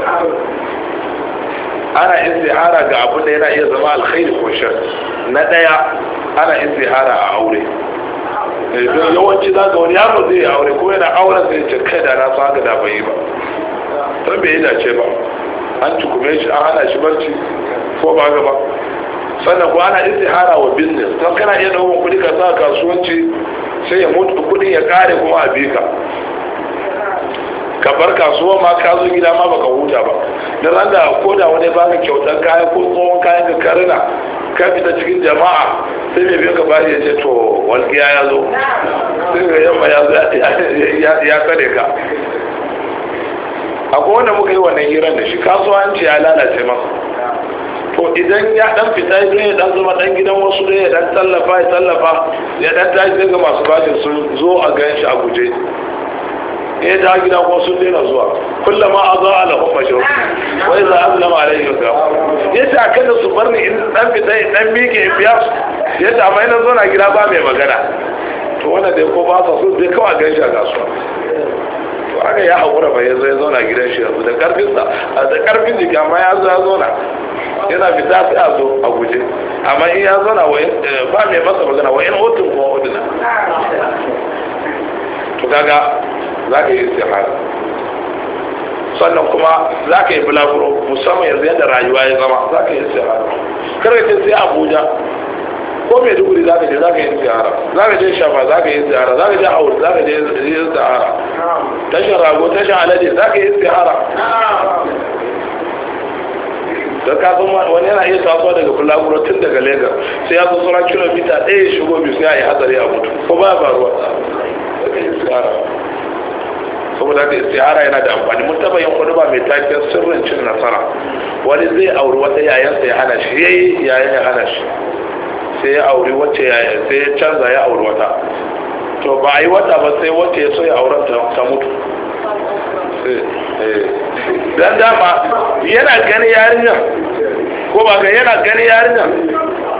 ana istihara ga abin da yana iya zama alkhairi ko shar na daya ana istihara a aure eh, don yawanci za ka wani yaro zai aure ko yana aure sai ce kai da na ga da bai ba don bai dace ba an tukume shi an hana shi barci ko ba gaba sannan ko ana istihara wa business ta kana iya daukan kuɗi ka sa kasuwanci sai ya mutu kuɗin ya kare kuma a bika ka bar kasuwa ma ka zo gida ma baka huta ba da ran da ko da wani baka kyautar kaya ko tsohon kayan ka karina ka fita cikin jama'a sai mai biyan ka bari ya ce to walƙiya ya zo sai ga yamma ya ya tsare ka akwai wanda muka yi wannan hirar da shi kasuwanci ya lalace masa to idan ya dan fita ne ya dan zama dan gidan wasu ne ya dan tallafa ya tallafa ya dan yi ga masu bajin sun zo a gan shi a guje ya ta gida ko sun daina zuwa kullum ma a zo a lafa fashe wai za a zama a laifin ga ya ta kada su bar ni in dan fita in dan miƙe in biya su ya ta mai na zo na gida ba mai magana to wannan dai ko ba sa sun dai kawai gan shi a kasuwa kaga ya haƙura ba ya zo ya zauna gidan shi yanzu da ƙarfinsa a da ƙarfin jiki amma ya zo ya zauna yana fita sai a zo a guje amma in ya zauna eh, ba mai masa magana wa in hotun kuma odina to kaga za ka yi istihara sannan kuma za ka yi bulaguro musamman yanzu yadda rayuwa ya zama za ka yi istihara kar ka ce sai abuja ko mai duguri za ka je za ka yi ziyara za ka je shafa za ka yi ziyara za ka je aure za ka je ziyara tashin rago tashin alade za ka yi ziyara don kafin wani yana iya tasowa daga bulaguro tun daga lagos sai ya zo tsura kilomita ɗaya shigo biyu sai a yi hatsari a mutu ko ba ba ruwa saboda ka istihara yana da amfani mun taba yin kudu ba mai taken sirrin cin nasara wani zai auri wata yayansa ya hana shi yayi yayan ya hana shi sai ya auri wacce ya sai ya canza ya auri wata to ba a yi wata ba sai wacce ya so ya auren ta mutu eh, eh. dan dama yana gani yarinyar ko ba ga yana gani yarinyar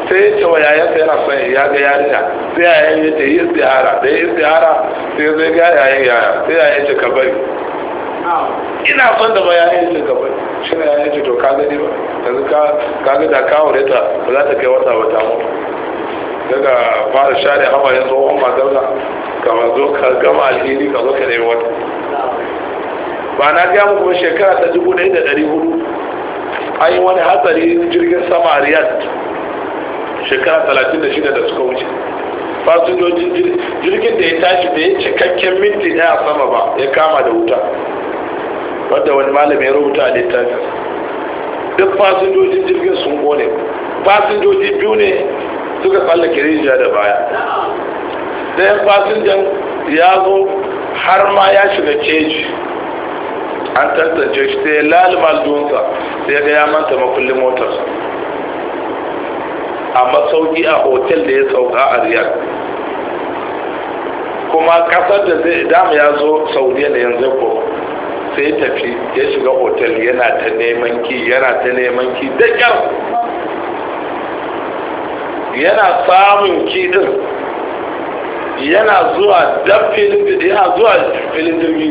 sai ya ce wa yayansa yana son ya ga yarinya sai yayan ya ce yi istihara da ya istihara sai zai ga yayan yaya sai yayan ce ka bari ina son da bayanin su gaba shi ne yayin to ka gani ba yanzu ka ga da kawo da ta ba za ta kai wata ba ta mutu daga fara share hawayen tsohon matar ka kamar zo ka gama alheri ka zo ka nemi wata ba na gaya muku shekara ta dubu ɗaya da ɗari hudu an yi wani hatsari jirgin sama a riyadh shekara talatin da shida da suka wuce fasinjojin jirgin da ya tashi da ya cikakken minti ɗaya sama ba ya kama da wuta wadda wani malami ya rubuta a littafin duk fasinjojin jirgin sun kone fasinjoji biyu ne suka tsallake rijiya da baya ɗayan fasinjan ya zo har ma ya shiga keji an tantance shi sai lalimal dunsa sai ga ya manta makullin motar. a masauki a hotel da ya sauka a riyar kuma kasar da zai dama ya zo saudiya da yanzu ko sai tafi ya shiga hotel yana ta neman ki yana ta neman ki da kyau yana samun ki din yana zuwa dan filin yana zuwa filin jirgi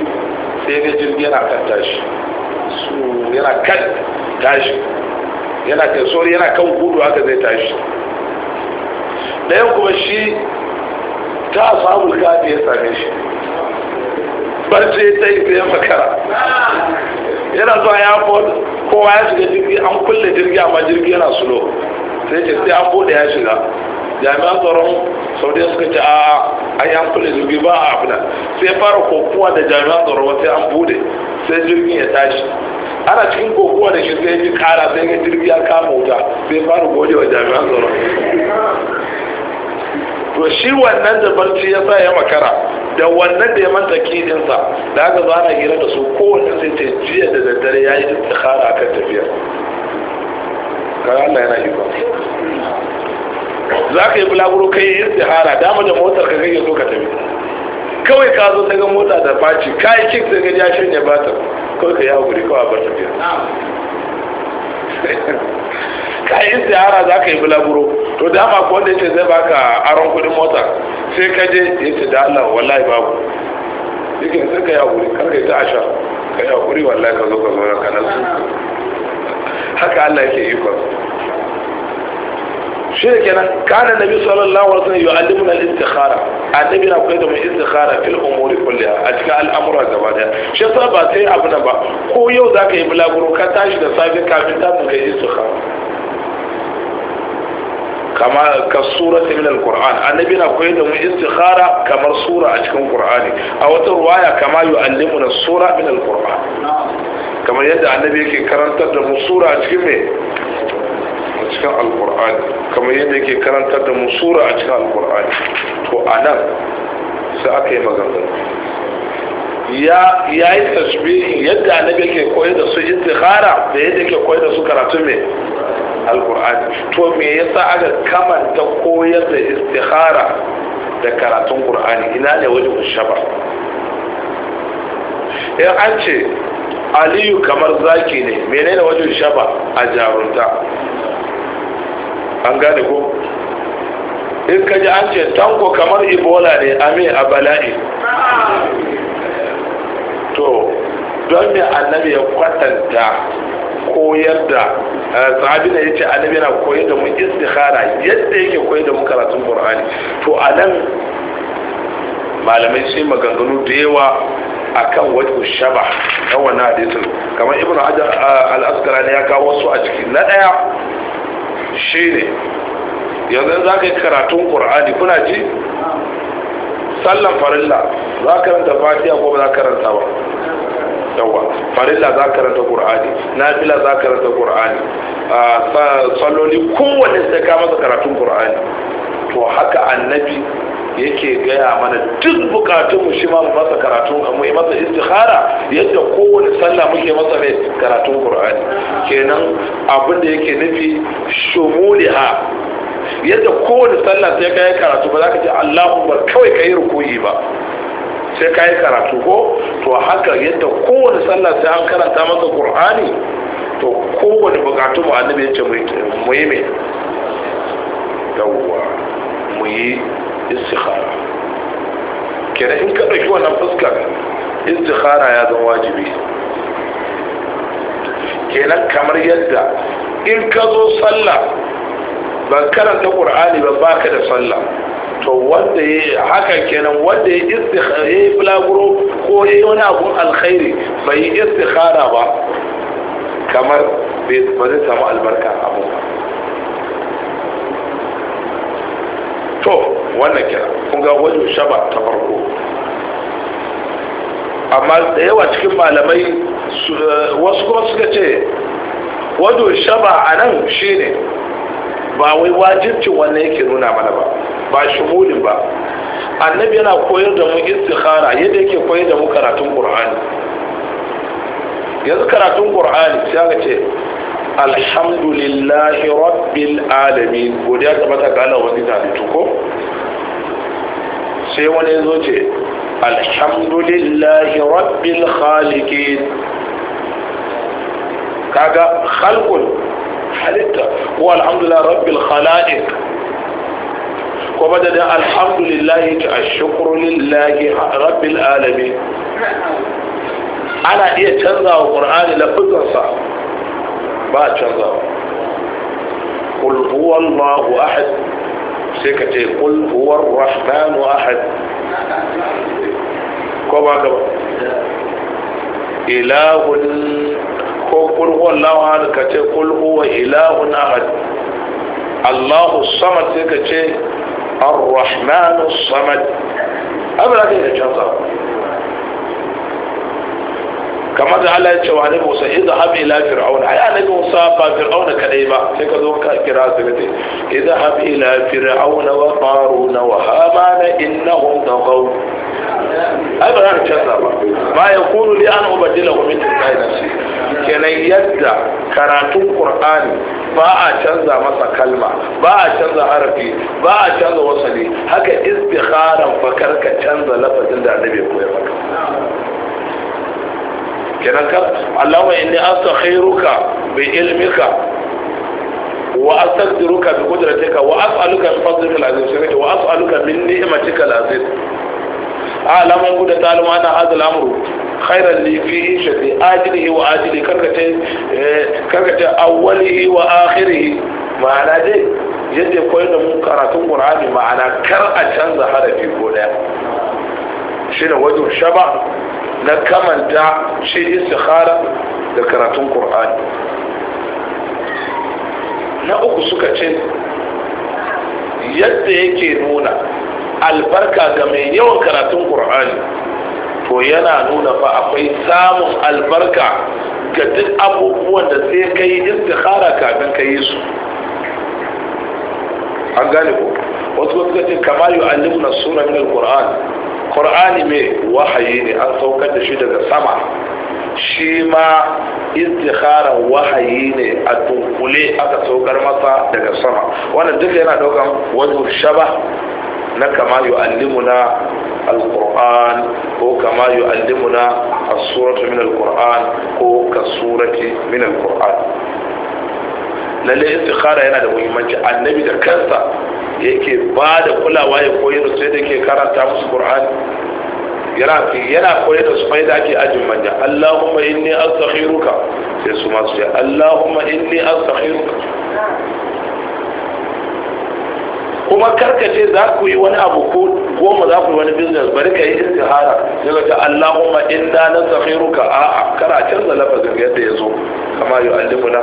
sai ga jirgi yana kan tashi su yana kan tashi yana kan sori yana kan gudu haka zai tashi ɗayan kuma shi ta samu kafi ya same shi barci ta yi fiye makara yana zuwa ya kowa ya shiga jirgi an kulle jirgi amma jirgi yana sulo sai ce sai an bude ya shiga jami'an tsaron saudiya suka ce a an yi an kulle jirgi ba a abu sai fara kokuwa da jami'an tsaron sai an bude sai jirgin ya tashi ana cikin kokowa da shi sai ji kara sai ya jirgi ya kama wuta sai fara gode wa jami'an tsaron to shi wannan da barci ya sa ya makara da wannan da ya manta kidinsa da aka zana hira da su kowane sai ce jiya da daddare ya yi istikhara akan tafiyar kaga Allah yana yi za ka yi bulaguro kai yi istihara dama da motar ka kake so ka tafi kawai ka zo daga mota da faci kayi kik gajashin ya bata kawai ka yi haƙuri kawai bar tafiya ka yi istihara za ka yi bulaguro to dama ko wanda ce zai baka aron kudin mota sai ka je yace da Allah wallahi babu yake sai ka yi hakuri kar ka yi ta ashar ka yi hakuri wallahi ka zo ka zo ka nan haka Allah yake ikon shi da kenan kana nabi sallallahu alaihi wasallam yu'allimuna al-istikhara annabi na koyar da mu istikhara fil umuri kulliha a cikin al'amura gaba daya shi yasa ba sai abu nan ba ko yau zaka yi bulaguro ka tashi da safe kafin ta kai istikhara kama ka sura ta min alquran annabi na koyar da mu istikhara kamar sura a cikin qur'ani a wata ruwaya kama na sura min alquran kamar yadda annabi yake karantar da mu sura a cikin me a cikin alqur'ani kamar yadda yake karantar da mu sura a cikin alqur'ani to anan sai aka yi maganganu ya ya yi tasbihi yadda annabi yake koyar da su istikhara da yadda yake koyar da su karatu me alkur'ani to me yasa aka kamanta koyar da istikhara da karatun qur'ani ina ne wajen shaba in an ce aliyu kamar zaki ne menene wajen shaba a jarunta an gane ko in ka ji an ce tanko kamar ebola ne ame a bala'i to don me annabi ya kwatanta koyar da eh, sahabi ne yace annabi yana koyar da mu istikhara yadda yake koyar da mu karatun qur'ani to a nan malamai sai maganganu da yawa akan wajen shaba na wannan hadisin kamar ibnu hajar eh, al-asqalani ya kawo su a cikin na daya shine yanzu za ka yi karatun qur'ani kuna ji sallan farilla za ka karanta fatiha ko ba za ka karanta ba yawa farilla za karanta qur'ani nafila za karanta qur'ani salloli kowanne sai ka masa karatun qur'ani to haka annabi yake gaya mana duk bukatun mu shi ma mu masa karatun mu yi masa istikhara yadda kowane sallah muke masa ne karatun qur'ani kenan abin da yake nufi shumuliha yadda kowane sallah sai ka yi karatu ba za ka ce Allahu ba kawai ka kai rukuyi ba sai ka yi karatu ko to haka yadda kowane sallah sai an karanta masa ƙur'ani, to kowane bukatu mu annabi ya ce mu yi mai yawwa mu yi istikhara kenan in ka ɗauki wannan fuskar istikhara ya zama wajibi kenan kamar yadda in ka zo sallah ba karanta ƙur'ani ba baka da sallah to wanda ya hakan kenan wanda ya istikhara ya bulaguro ko ya yi wani abun alkhairi bai yi istikhara ba kamar ba zai samu albarka abu to wannan kira kun ga wajen shaba ta farko amma da yawa cikin malamai wasu kuma suka ce wajen shaba a nan shi ne ba wai wajibcin wannan yake nuna mana ba ba shumulin ba annabi yana koyar da mu istikhara yadda yake koyar da mu karatun qur'ani yanzu karatun qur'ani sai aka ce alhamdulillahi rabbil alamin godiya ta bata ga Allah wani zalitu ko sai wani zo ce alhamdulillahi rabbil khaliqin kaga khalqul halitta ko alhamdulillah rabbil khalaiq وبدأ الحمد لله الشكر لله رب العالمين ana iya canzawa ƙur'ani lafizinsa ba a canzawa kul huwa allahu ahad sai ka ce kul huwa rahmanu ahad ko ba ka ba ilahun ko kul huwa allahu ahad ka ce kul ilahun ahad allahu sama sai ka ce الرحمن الصمد أبلغ إلى جنزه kamar da Allah ya ce wa annabi Musa idhab ila fir'aun ai annabi Musa ba fir'aun kadai ba sai ka zo ka kira su ne idhab ila fir'aun wa qarun wa haman innahum taqaw ai ba zan canza ba ma yakunu li an ubaddilahu min tilkai nafsi kenan yadda karatun qur'ani ba a canza masa kalma ba a canza harafi ba a canza wasali haka istikharan fakar ka canza lafazin da annabi ya koyar maka kenan ka Allahumma inni astaghfiruka bi ilmika wa astaghfiruka bi qudratika wa as'aluka bi fadlika al wa as'aluka min ni'matika al-azim a'lamu budda ta'lamu anna hadha al-amru خيرا لي فيه شفي آجله وآجله كركتي كركتي ma'ana وآخره yadda دي يدي قوينا من قراتون قرآن معنى كرأة تنزى هذا في قولها شنو وجه shaba? na kamanta shi istikhara da karatun qur'ani na uku suka ce yadda yake nuna albarka ga mai yawan karatun Kur'ani to yana nuna fa akwai samun albarka ga duk abubuwan da sai ka yi istikhara kafin ka yi su an gane ko wasu wasu kamar yi alimu na sura min alkur'an ƙur'ani mai wahayi ne an saukar da shi daga sama shi ma istikhara wahayi ne a dunkule aka saukar masa daga sama wannan duka yana daukan wajen shaba na kama yu'allimuna القرآن أو كما يعلمنا ko من القرآن أو كالسورة من القرآن lalle istikhara yana da muhimmanci annabi da kansa yake ba da kulawa ya koyi da sai da ke karanta musu qur'ani yana yana koyi da su faida ake ajin manya allahumma inni astakhiruka sai su masu ce allahumma inni astakhiruka kuma karkace za ku yi wani abu ko goma za ku yi wani business bari ka yi istihara daga ta Allahumma inna nasakhiruka a'a kana canza lafazin yadda ya zo kama yu'allimuna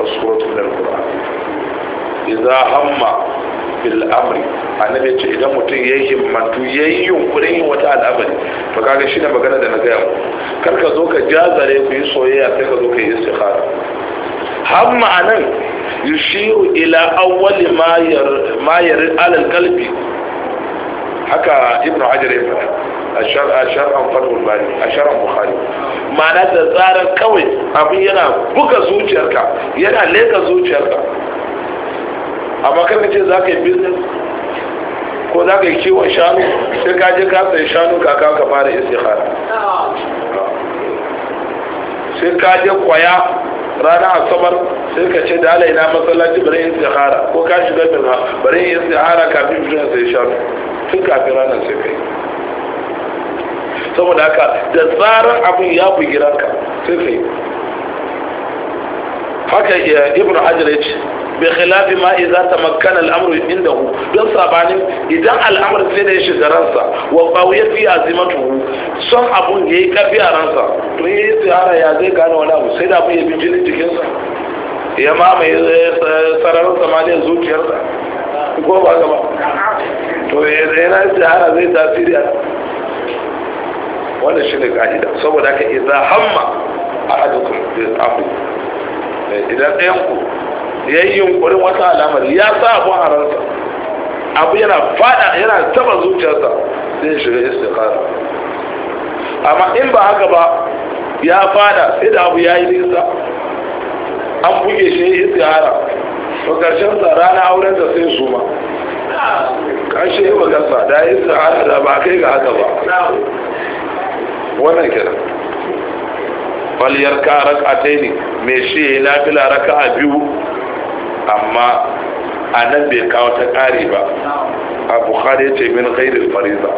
as-suratul qur'an Iza hamma bil amri annabi ya ce idan mutum ya yi himmantu ya yi yunkurin yin wata al'amari to kaga shi ne magana da na gaya mu kar ka zo ka jazare ku yi soyayya sai ka zo ka yi istikhara har ma'anan yushiru ila awwali ma yarin alal kalbi haka ibn hajar ya faɗa a shar'an fatul bari a shar'an bukhari ma'ana da tsaran kawai abin yana buga zuciyarka yana leka zuciyarka amma karka ce za ka yi business ko za ka yi kiwon shanu sai ka je ka sayi shanu kaka ka fara istihara sai ka je kwaya ranar asabar sai ka ce dalai na masallaci bari yin istihara ko ka shiga min bari yin istihara kafin fitin sai shanu tun kafin ranar sai kai saboda haka da tsarin abin ya bugi ranka sai kai haka ibn hajar ya ce bai khilafi ma idza tamakkana al-amru indahu don sabanin idan al'amar sai da ya shiga ransa wa ya fi azimatu son abun da yi kafi a ransa to yi tsara ya zai gane wani abu sai da abu ya bi jinin jikinsa ya mamaye eh, sararin samaniyar zuciyarsa ko ba gaba to eh, yana tsara zai tasiri wannan shine ka'ida saboda haka hamma idan ɗayan ku ya yi yunkurin wata alamar ya sa abu ransa abu yana fada yana taba zuciyarsa sai ya shiga istikhara amma in ba haka ba ya fada sai da abu ya yi nisa an buge shi ya istikhara to karshen sa rana auren da sai su ma kashe yi magarsa da yi istikhara da ba kai ga haka ba wannan kenan faliyar ka rak'atai ne mai shi ya yi raka a biyu amma a nan bai kawo ta ƙari ba a bukhari ce min ghairil fariza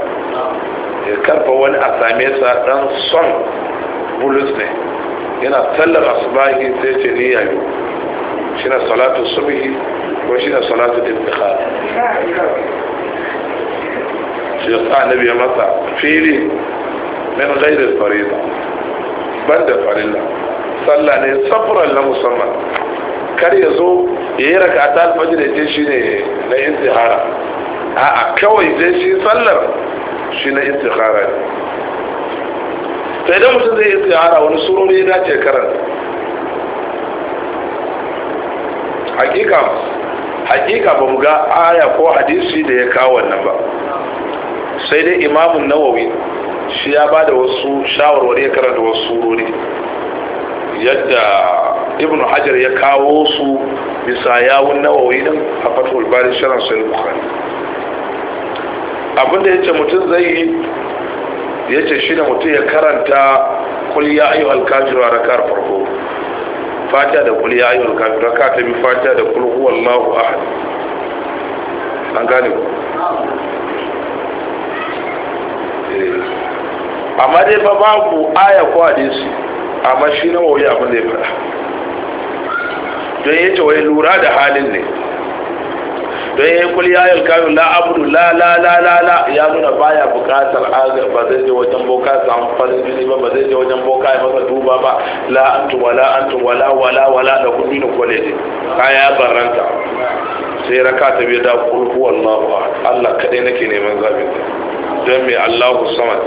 ya karfa wani a same sa dan son bulus ne yana sallar asubahi sai ce ni yayo shi na salatu Subihi ko shi na salatu ibtikhar shi ya sa annabi ya masa fili min ghairil fariza ban da farilla sallah ne safuran na musamman kar ya zo ya yi raka ta alfajir ya shi ne na intihara a'a kawai dai shi sallar shi na intihara ne sai idan mutum zai intihara wani surori na ce karanta hakika hakika ba mu ga aya ko hadisi da ya kawo wannan ba sai dai imamun nawawi shi ya ba da wasu shawarwari ya karanta wasu surori yadda ibn hajar ya kawo su bisa yawun nawawi din a fatul bari shirin sai bukhari abinda yace mutum zai yi yace shi da mutum ya karanta kul ya ayu alkafiru a rakar farko fata da kul ya ayu alkafiru raka ta bi fata da kul huwallahu ahad an gane ku eh. amma dai ba babu aya ko hadisi amma shi na wauyi abin da ya fara don yace wai lura da halin ne don yayi kul ya yal la abdu la la la la la ya nuna baya bukatar aga ba zai je wajen boka san farin jini ba ba zai je wajen boka ya masa duba ba la antu wala antu wala wala wala da kudi ne kwaleji kaya ya sai raka ta biyu da kulhu wallahu Allah kadai nake neman zabin don mai allahu saman,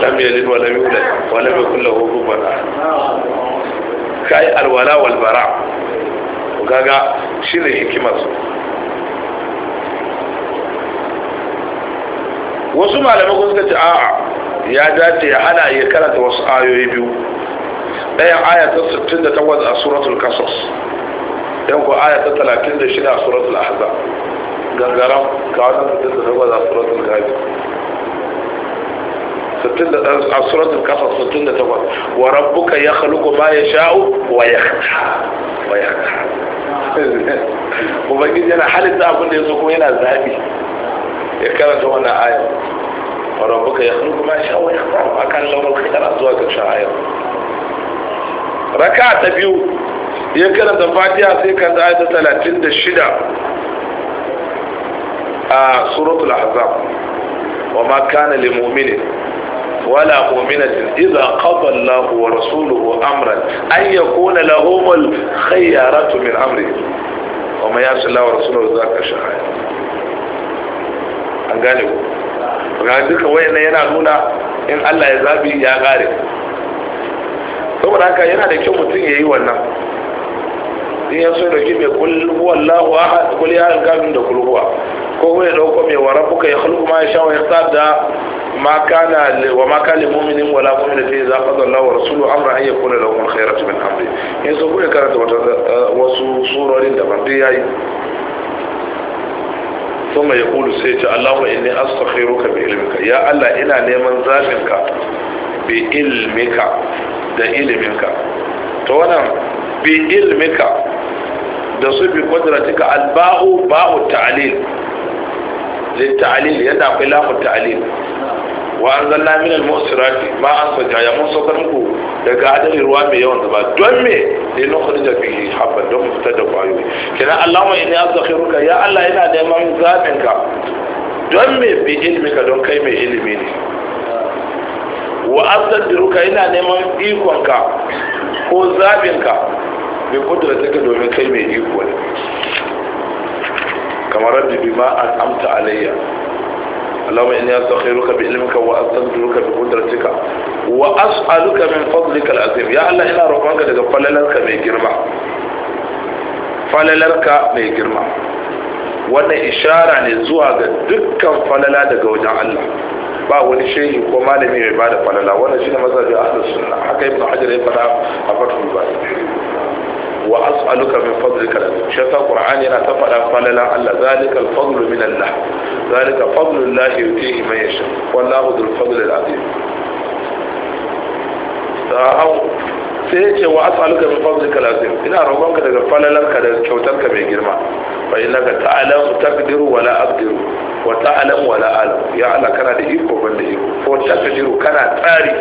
lam yalid wa wani mai wa lam yakul lahu ka yi alwala walbara, gaga gaga ne hikimar su wasu malamai kun suka ce a'a ya dace ya hana ya karanta wasu ayoyi biyu ɗayan aya ta 68 a suratul kasas ɗan ko aya ta 36 a suratul ahzab gangaram ga wannan 68 a suratul gazi آه، سورة الكفر ستنة تبقى وربك يخلق ما يشاء ويختار ويختار وبقيت أنا حالي تأكل يزوكو هنا الزهبي يكرت هو أنا آية وربك يخلق ما يشاء ويختار ما كان لهم الخيار أزواج الشعير ركعة تبيو يكرت فاتحة سيكا آية 30 الشدة آه سورة الأحزاب وما كان لمؤمن ولا مؤمنة إذا قضى الله ورسوله أمرا أن يكون لهم الخيارة من أمره وما يعصي الله ورسوله ذاك شهاد an gane ku ga duka wayannan yana nuna in Allah ya zabi ya gare saboda haka yana da kyau mutum ya yi wannan in ya so ya dauki mai kulhuwa Allahu ahad kul ya da kulhuwa ko ya dauko mai wa rabbuka ya khluqu ma yasha wa yaqtar da ma kana wa ma kana mu'minin wala mu'mina fi idza qada Allah wa rasuluhu amra an yakuna lahum al-khayratu min amri in so kuma karanta eh, wasu surorin da ban dai yayi ثم يقول سيت اللهم إني أستخيرك بعلمك يا الله إنا نيمان ذاتك بعلمك da iliminka to wannan bi ilmika da su bi kwadratika ta'lil للتعليل يدع في لام التعليل وأنزلنا من المؤسرات ما أنسجا يا موسى كرمكو daga adadin ruwa mai yawan zuba don me ne na kudu da biyu haɓa don mu fitar da kwayoyi kina allama ina azakhiruka ya allah ina neman zaɓinka don me bi ilmika don kai mai ilimi ne wa ikonka ko zaɓinka bi kudratika domin kai mai iko كما رد بما أنعمت علي اللهم إني أستخيرك بعلمك وأستغفرك بقدرتك وأسألك من فضلك العظيم يا الله إنا رحمك daga falalarka mai girma? Falalarka mai girma. wannan ishara ne zuwa ga dukkan falala daga wajen Allah ba wani shehi ko malami mai bada falala wannan shine mazhabi ahlus sunna haka ibn hajar ya fada a fatul ba. wa as'aluka min fadlika shi yasa qur'ani yana ta faɗa falala Allah zalika al-fadlu min Allah zalika fadlu Allah yutihi man yasha wallahu dhul fadli al-azim sai ya ce wa as'aluka min fadlika al-azim ina roƙonka daga falalar ka da ka mai girma fa innaka ta'lamu taqdiru wa la aqdiru wa ta'lamu wa la alam ya Allah kana da iko ban da iko ko taqdiru kana tsari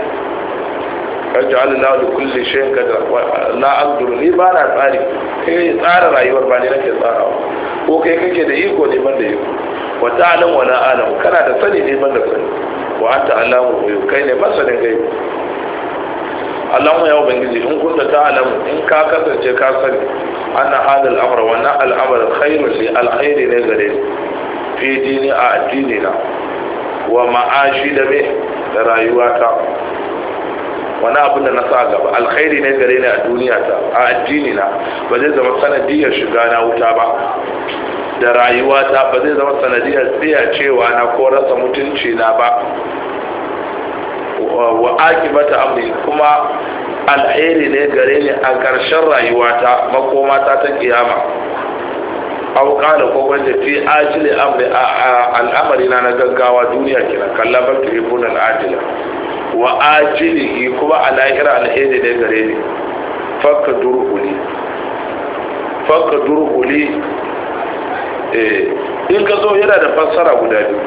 wajen na da kulle shayin kadar la abdur ni ba na tsari kai tsara rayuwar ba ne nake tsarawa ko kai kake da iko ne ban da iko wa ta'lam wa la alam kana da sani ne ban da sani wa anta alamu biyu kai ne masanin gaibi Allahumma ya ubangiji in kunta alamu in ka kasance ka sani anna hada al-amra wa anna al-amr li al-khairi ne gare fi dini a addini na wa ma'ashi da me da rayuwata wani abin da na sa gaba alkhairi ne gare ni a duniya ta a addini na ba zai zama sanadiyar shiga na wuta ba da rayuwa ta ba zai zama sanadiyar cewa na ko rasa mutunci na ba wa akibata amri kuma alkhairi ne gare ni a ƙarshen rayuwata makomata ta kiyama aw qala ko wanda fi ajli amri al-amri na gaggawa duniya kina kallaban al al'ajila wa ki kuma a al alheri ne gare ni fakka durhuli fakka durhuli eh in ka zo yana da fassara guda biyu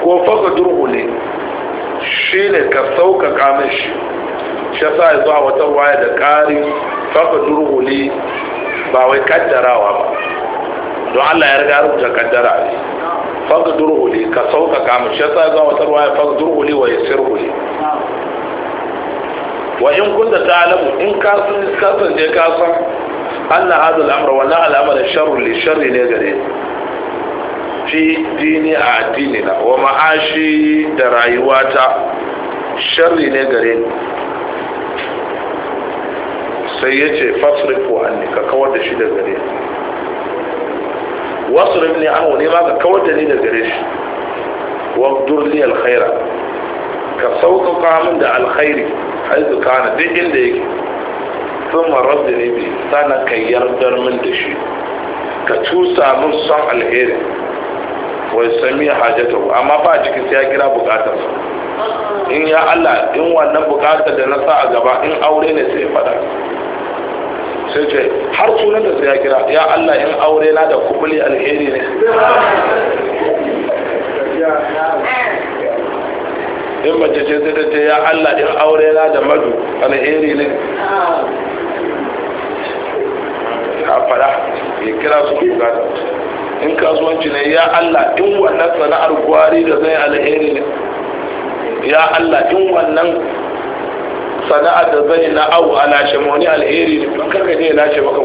ko fakka durhuli shine ka sauƙaƙa min shi shi yasa ya zuwa wata waya da ƙari fakka durhuli ba wai kaddarawa ba don Allah ya riga rubuta kaddara ne faqdur huli ka sauƙaƙa mu shi yasa zan wata ruwaya faqdur huli wa yassir huli wa in kunta ta'lamu in ka san kasance ka san anna hadha al-amr wa la al-amr sharru li sharri ne gare fi dini a addini na wa ma'ashi da rayuwata sharri ne gare sai ya ce fasrifu an ka kawar da shi da gare wasu ne an ne ma ka kawar da ni da gare shi wa durli alkhaira ka sauƙaƙa min da alkhairi haizu kana duk inda yake sun marar da ne bi sana ka yardar min da shi ka cusa min son alheri wai sami ya hajjata amma ba a cikin sai ya kira su in ya Allah in wannan bukatar da na sa a gaba in aure ne sai ya faɗa sai ce har sunan da ya kira ya Allah in aure na da kubuli alheri ne in mace ce sai ta ce ya Allah in aure na da madu alheri ne ya fara ya kira su bukata in kasuwanci ne ya Allah in wannan sana'ar gwari da zai alheri ne ya Allah in wannan sana'ar da zai na au ala shimoni alheri ne ban karka lashe maka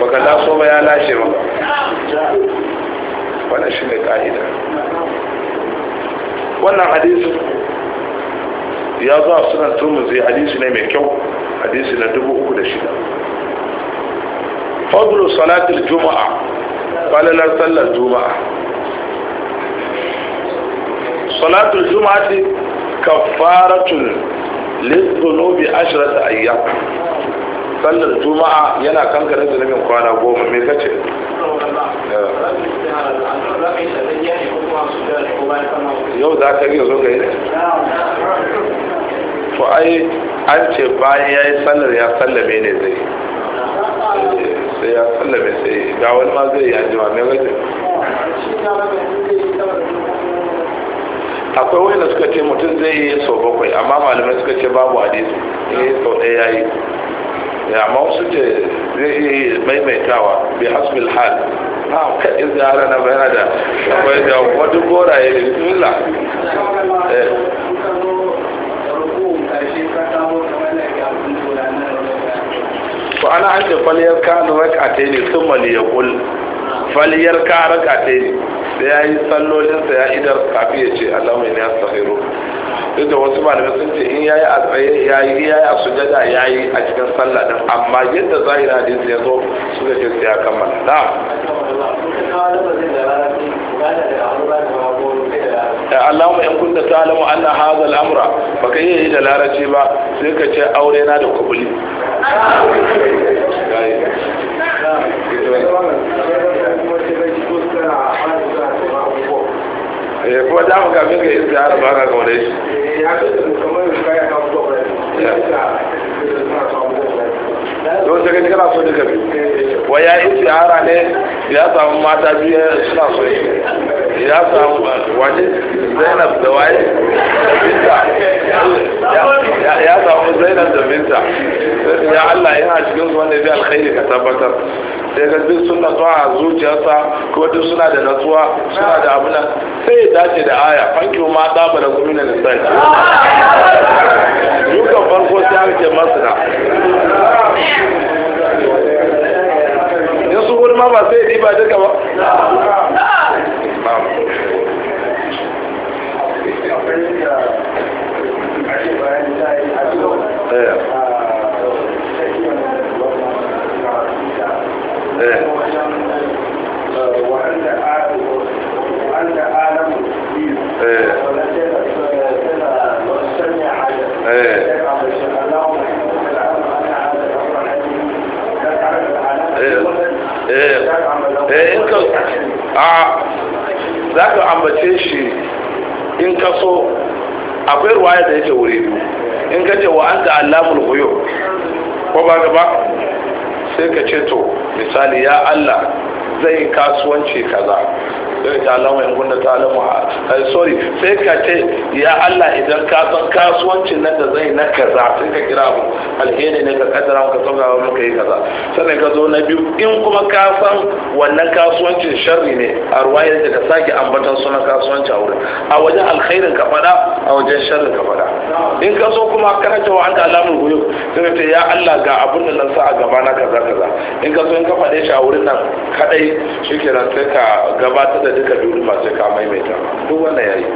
baka laso ba ya lashe maka wannan shi ne ka'ida wannan hadisi ya zo a sunan turmuzi hadisi ne mai kyau hadisi na dubu uku da shida fadlu salatul juma'a falalar sallar juma'a salatul juma'a ce kafaratun lizunubi ashirar ayyaka sallar juma'a yana da zunubin kwana goma me kace yau za ka iya zo ga yi to ai an ce bayan ya yi sallar ya sallame ne zai sai ya sallame sai ga wani ma zai yi anjima me kace akwai wanda suka ce mutum zai yi sau bakwai amma malamai suka ce babu hadisi ya eh, yi sau ɗaya ya yi ya amma wasu ke zai ya yi maimaitawa bi hasbil hal ha ka izi ala na bayana da akwai da wani goraye da bismillah eh ana an ce faliyar ka raka ta ne sun maliyakul faliyar ka raka ta ne da ya yi sallolinsa ya idar kafi ya ce Allahumma inni astaghfiru duk da wasu malamai sun ce in yayi a tsaye yayi yayi a sujada yayi a cikin sallah din amma yadda zahira hadisi ya zo suka ce sai ya kammala da Allahumma in kunta ta'lamu anna hadha al-amra fa kai yayi da larabci ba sai ka ce aure na da kubuli eh kuma da mu kafin ka iska har ba ka kaune shi don sai kai kana so duka biyu wa ya iska hara ne ya samu mata biyu suna so ya samu wani zainab da waye ya samu zainar da minta ya Allah yana cikin wanda bi alkhairi ka tabbatar da ga duk sun natsuwa a zuciyarsa ko duk suna da natsuwa suna da abu nan sai ya dace da aya fanki ma ta ba da na da sai dukan farko sai aka ce masana in su ma ba sai ya ba duka ba Thank you. za ka ambace shi in ka so akwai ruwaya da yake wuri biyu in ka ce wa an ta allamul huyo ko ba gaba sai ka ce to misali ya allah zai kasuwanci kaza gari ta alama in kunna ta alama sorry sai ka ce ya Allah idan ka san kasuwancin nan da zai na kaza sai ka kira mu alheri ne ka kaddara ka sauka wa muka yi kaza sannan ka zo na biyu in kuma ka san wannan kasuwancin sharri ne a ruwayar da ka sake ambatan sunan kasuwanci a wurin a wajen alkhairin ka fada a wajen sharrin ka fada in ka so kuma karanta wa anta alamun guyu sai ka ce ya Allah ga abun da nan sa a gaba na kaza kaza in ka so in ka faɗe shi a wurin nan kadai shikenan sai ka gabatar da duka duruma sai ka maimaita duk a yayi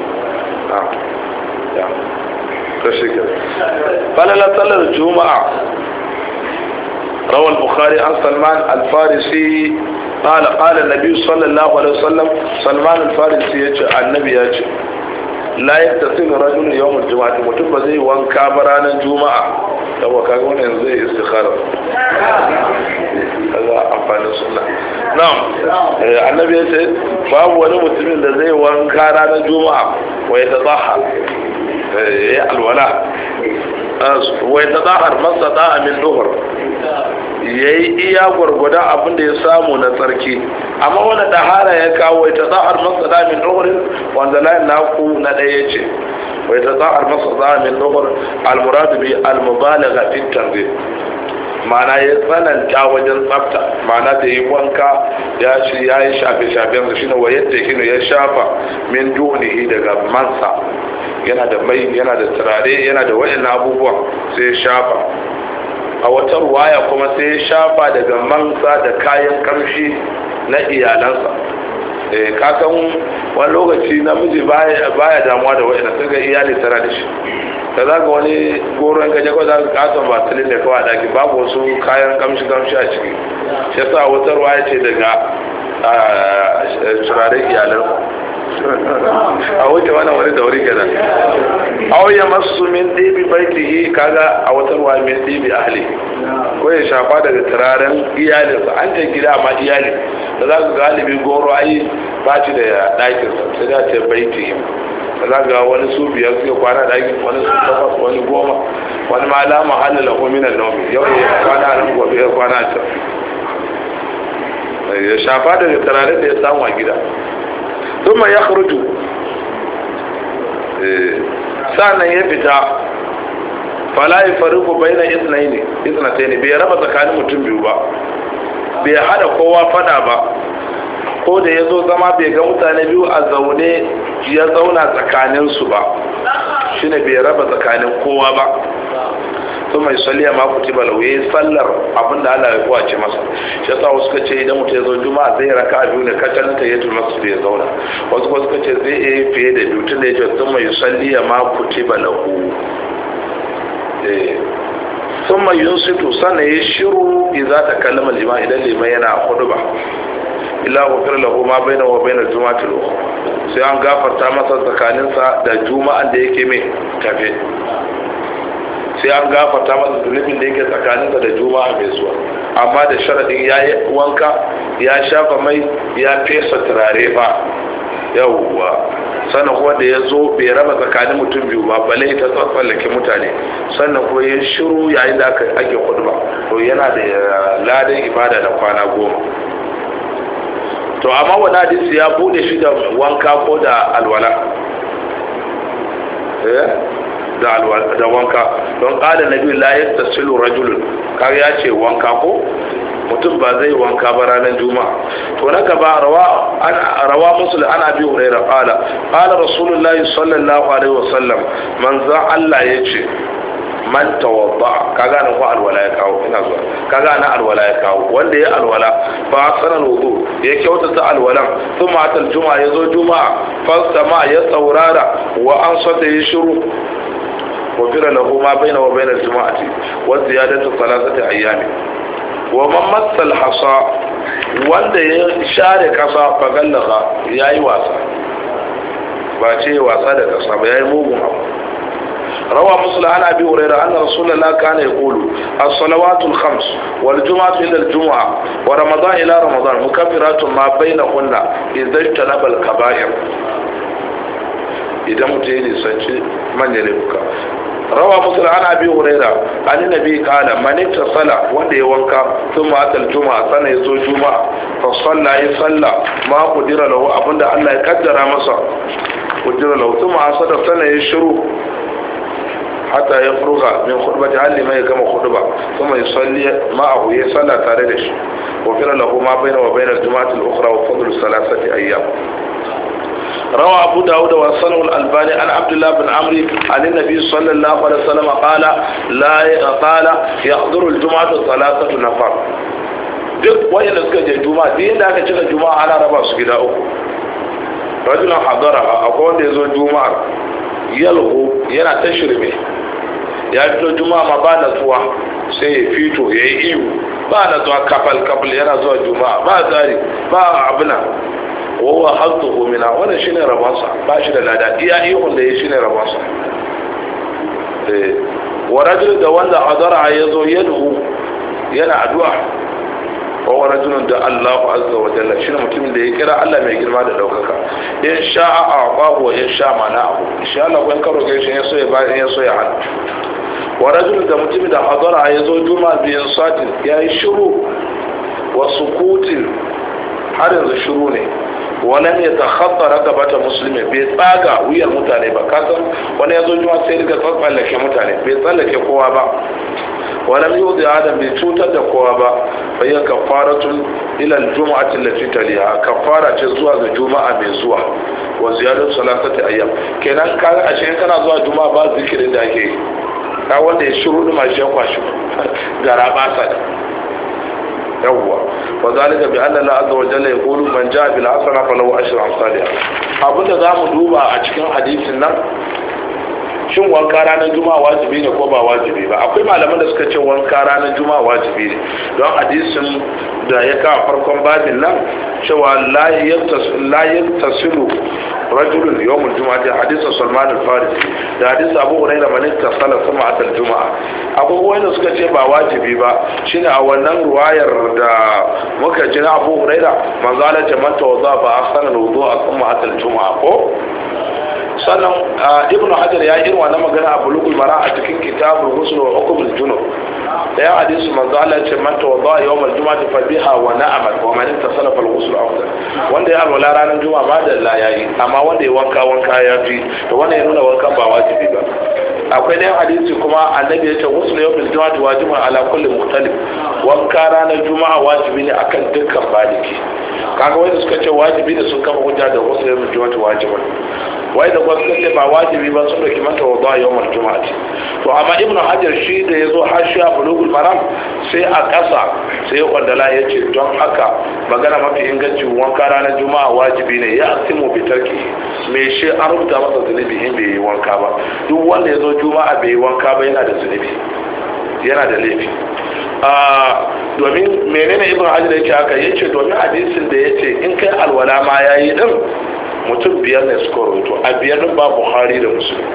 ta shekar falalar tsallar juma'a rawar bukari an salman alfarisi قال قال النبي صلى الله عليه وسلم سلمان ya ce النبي يجي la ya tafi rajul yawmul juma'a mutum ba zai yi wanka ba ranar juma'a dan waka wani yanzu zai istikhara yawa amfanin sunna na'am eh, annabi ya ce babu wani mutumin da zai wanka ranar juma'a wa tsaha eh, ya alwala ah, masa min duhur ya yi iya gwargwada abin da ya samu na tsarki amma wani dahara ya kawo masa min duhur wanda naku na ɗaya ce wa ya tsaha masa min duhur almuradu bi almubalaga ma'ana ya tsananta wajen tsafta ma'ana da yi wanka ya shi ya yi shafe shafen su shine wayar da kino ya shafa min dunihi daga mansa yana da mai yana da turare yana da wayan abubuwan sai ya shafa a wata ruwaya kuma sai ya shafa daga mansa da kayan kamshi na iyalansa eh ka san wani lokaci namiji baya damuwa da wani sai ga iyali tara da shi da za ka wani goron gaje kawai za ka katon batalin da kawai daki babu wasu kayan kamshi kamshi a ciki shi yasa ya ce daga ah, eh, turaren iyalan a wuce wannan wani dauri kenan aw ya masu min dibi baitihi kaga a wata ruwa min dibi ahli ko ya shafa daga turaren iyalinsa an ta gida ma iyali da za ga galibi goro ai ba ci da ɗakin sai da ce baitihi da za ga wani su biyar suke kwana ɗakin wani su takwas wani goma wani ma alama halin lahominan nomi yau ya kwana nan gobe ya kwana can ya shafa daga turaren da ya samu a gida thumma yakhruju eh, sa'annan ya fita fala yafariqu bayna ithnayn ithnatayn bai raba tsakanin mutum biyu ba bai hada kowa faɗa ba ko da ya zo zama bai ga mutane biyu a zaune ya zauna tsakanin su ba shine bai raba tsakanin kowa ba to mai salliya ma kutiba lahu yayi sallar abinda Allah ya ce masa shi yasa wasu suka ce idan mutum ya zo juma'a zai raka a biyu ne kacal ta yi masjid ya zauna wasu wasu suka ce zai iya fiye da biyu tun da ya ce sun mai salliya ma kutiba lahu sun eh. mai yunsitu sana ya shiru idan ta kallama lima idan lima yana hudu ba illa ghufira lahu ma bainahu wa bainal juma'a al sai an gafarta masa tsakaninsa da juma'an da yake mai tafe sai an gafarta masa zunubin da yake tsakanin da juma'a mai zuwa amma da sharadin ya yi wanka ya shafa mai ya fesa turare ba yawwa sannan kuma da ya zo bai raba tsakanin mutum biyu ba bale ta tsallake mutane sannan kuma ya shiru yayin da aka ake ba to yana da ladan ibada da kwana goma to amma wani hadisi ya bude shi da wanka ko da alwala eh? da wanka don ƙada na biyu layar ta silu rajulun kar ya ce wanka ko mutum ba zai wanka ba ranar juma'a to na gaba rawa musul ana bi huraira kala kala rasulullahi sallallahu alaihi wasallam manzan allah ya ce man tawadda kaga nan ko alwala ya kawo ina zuwa kaga na alwala ya kawo wanda ya alwala fa sanan wudu ya kyautata alwalan thumma atal juma'a ya zo juma'a fa ya saurara wa an sata yi shiru ma وفر له ما بينه وبين الجماعة والزيادة ثلاثة أيام ومن مس الحصى wanda ya share kasa fagallaka ya yi wasa ba ce wasa da kasa ba ya yi mugun abu روى مسلم عن أبي هريرة أن رسول الله كان يقول الصلوات الخمس والجمعة إلى الجمعة ورمضان إلى رمضان مكفرات ما بينهن إذا اجتنب الكبائر إذا متين سنجي من يلبك روى مسلم عن أبي هريرة عن النبي قال من اتصل وندي وانكا ثم أتى الجمعة سنة يزو جمعة فصلى يصلى ما قدر له أبدا الله يقدر مسا قدر له ثم أصدر سنة يشرو حتى يفرغ من خطبة علي ما يكم خطبة ثم يصلي معه يصلى تاردش وفر له ما بين وبين الجماعة الأخرى وفضل ثلاثة أيام روى أبو داود وصنع الألباني عن عبد الله بن عمري عن النبي صلى الله عليه وسلم قال لا قال يحضر الجمعة ثلاثة نفر دك وين suka je دين duk yadda aka على ربع ana رجل حضرها أقول uku rajulan يلغو ينا تشرمي ya fito juma'a ma ba natsuwa sai ya fito ya yi ihu. ba natsuwa kafal kafal yana zuwa juma'a ba tsari ba abuna wawa hazuhu wani shi shine rabonsa. ba shi da lada iya ihun da ya shine rabonsa. Eh, wa rajul da wanda azara ya zo hu yana addu'a wa wa rajulun da Allahu azza wa jalla shine mutumin da ya kira Allah mai girma da daukaka in sha'a aqahu wa in sha'a mana'ahu insha Allah kun karo ga shi ya so ya ba ya so ya hada wa rajulun da mutumin da hadara ya zo juma biyan satin ya yi shiru wa sukutin har yanzu shiru ne walan ya takhadda rakabata muslimi bai tsaga wuyar mutane ba kasan wani yazo juma sai riga tsallake mutane bai tsallake kowa ba walam yudi adam bai cutar da kowa ba yi fa tun kafaratun juma'a aljum'ati allati taliha kafara ce zuwa ga juma'a mai zuwa wa ziyadatu salatati ayyam kenan kaga ashe kana zuwa juma'a ba zikirin da ake yi ka wanda ya shiru ma shi kwashi gara ba sa yawwa wa zalika bi anna la azza wa jalla yaqulu man jaa bil hasana falahu ashru amsalha abinda zamu duba a cikin hadisin nan shin wanka ranar juma'a wajibi ne ko ba wajibi ba akwai malaman da suka ce wanka ranar juma'a wajibi ne don hadisin da ya kawo farkon babin nan cewa layin tasiru rajulun yawon juma'a da hadisa salman al-faris da hadisa abu wurai da manin tasala sama a juma'a abubuwan da suka ce ba wajibi ba shine a wannan ruwayar da muka ji na abu wurai da manzala jama'ta wa za ba a sanar wuzo a sama a juma'a ko sannan ibn hajar ya yi irin wannan magana a bulugul mara a cikin kitabul musul wa hukumul junub da ya hadisi manzo Allah ya ce man tawadda yawm al-jum'ah fa biha wa na'ama wa man tasala al ghusl afdal wanda ya alwala ranar juma'a ba da Allah yayi amma wanda ya wanka wanka ya fi to wanda ya nuna wanka ba wajibi ba akwai ɗayan hadisi kuma annabi ya ce ghusl yawm al-jum'ah wajibun ala kulli muhtalif wanka ranar juma'a wajibi ne akan dukkan baliki kaga wanda suka ce wajibi ne sun kafa hujja da ghusl yawm al-jum'ah wajibun wai da gwamnati ba wajibi ba sun dauki mata wa zuwa yawon juma'a to amma ibn hajar shi da ya zo hashiya bulugul maram sai a ƙasa sai ya kwandala ya ce don haka magana mafi inganci wanka ranar juma'a wajibi ne ya asimu bitarki mai shi an rubuta masa zunubi in bai yi wanka ba duk wanda ya zo juma'a bai yi wanka ba yana da zunubi yana da laifi ah, domin menene ibn hajar yake haka yace domin hadisin da yace in kai alwala ma yayi din mutum biyar ne suka rubutu a biyar ba bukhari da musulun,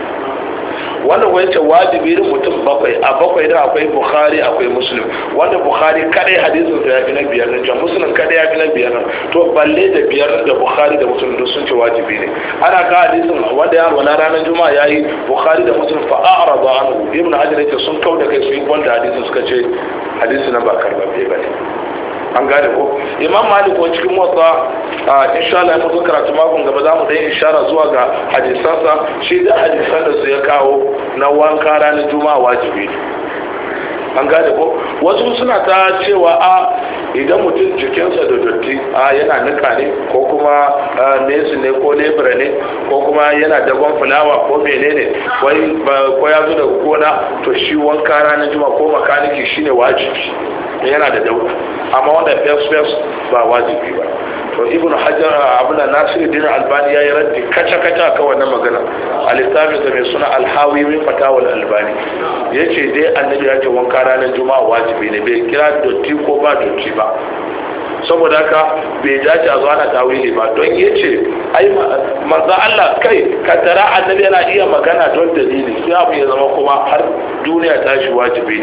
wanda kuwa yace wajibi da mutum bakwai a bakwai da akwai bukhari akwai muslim wanda bukhari kadai hadisin da ya fi na biyar nan can muslim kadai ya fi na biyar nan to balle da biyar da bukhari da muslim duk sun ce wajibi ne ana ka hadisin wanda ya wala ranar juma'a yayi bukhari da muslim fa a'rada anhu ibn hajar yace sun kauda kai su yi wanda hadisin suka ce hadisin na ba bai bane an gane ko imam malik wani cikin motsa insha Allah ya karatu makon gaba za mu dan ishara zuwa ga hadisansa shi da hadisan da su ya kawo na wanka ranar juma'a wajibi an gane ko wasu suna ta cewa a idan mutum jikinsa da dotti a yana nika ne ko kuma nesu ne ko lebura ne ko kuma yana dagon fulawa ko menene ko ya zo daga gona to shi wanka ranar juma ko makaniki shine wajibi yana da dauka amma wanda fes-fes ba wajibi ba to ibn hajar abuna din albani ya yi raddi kaca-kaca ka wannan magana a littafin mai suna alhawi min wani albani ya ce dai annabi ya ce wanka ranar juma'a wajibi ne bai kira dotti ko ba dotti ba saboda haka bai dace a zo ana tawili ba don ya ce ai manzo Allah kai ka tara annabi yana iya magana don dalili sai abu ya zama kuma har duniya ta shi wajibi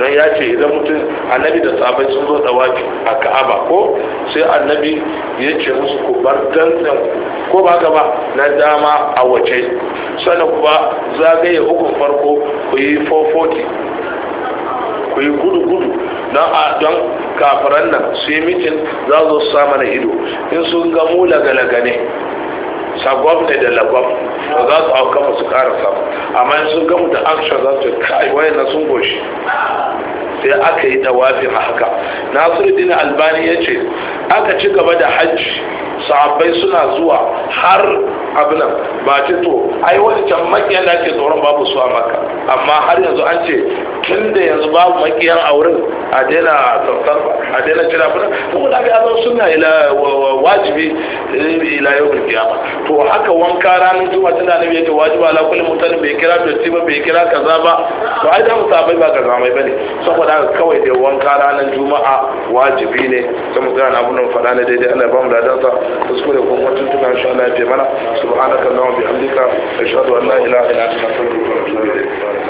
don ya ce idan mutum annabi da sabai sun zo tawafi a Ka'aba ko sai annabi ya ce musu ku bar dantsan ko ba gaba na dama a wace sannan kuma zagaye hukun farko ku yi 440 ku yi gudu-gudu don a don kafiran nan su yi mitin za su sa mana ido in sun gamu lagalaga ne sagwam ne da lagwam da za su auka su kara samu amma in sun gamu da aksha za su kai waye na sun goshi sai aka yi tawafin haka Nasiru dina albani ya ce aka ci gaba da hajji sahabbai suna zuwa har abinan ba ce to ai wani can makiyan da ake tsoron babu su a maka amma har yanzu an ce tun da yanzu babu makiyan a wurin a daina tsaftar a daina jira fina ko da ga zan suna wajibi eh, ila yau kiyama to haka wanka ranar juma tana nabi yake wajiba ala kulli mutane bai kira dotti ba bai kira kaza ba to ai da musabai ba kaza mai bane saboda haka kawai dai wanka ranar juma'a wajibi ne sai mu gana abun faɗa na daidai ana ba mu ladansa kuskure ko mutum tuka insha Allah ya fi mana subhanaka allahumma bihamdika ashhadu an la ilaha illa anta astaghfiruka wa atubu ilayk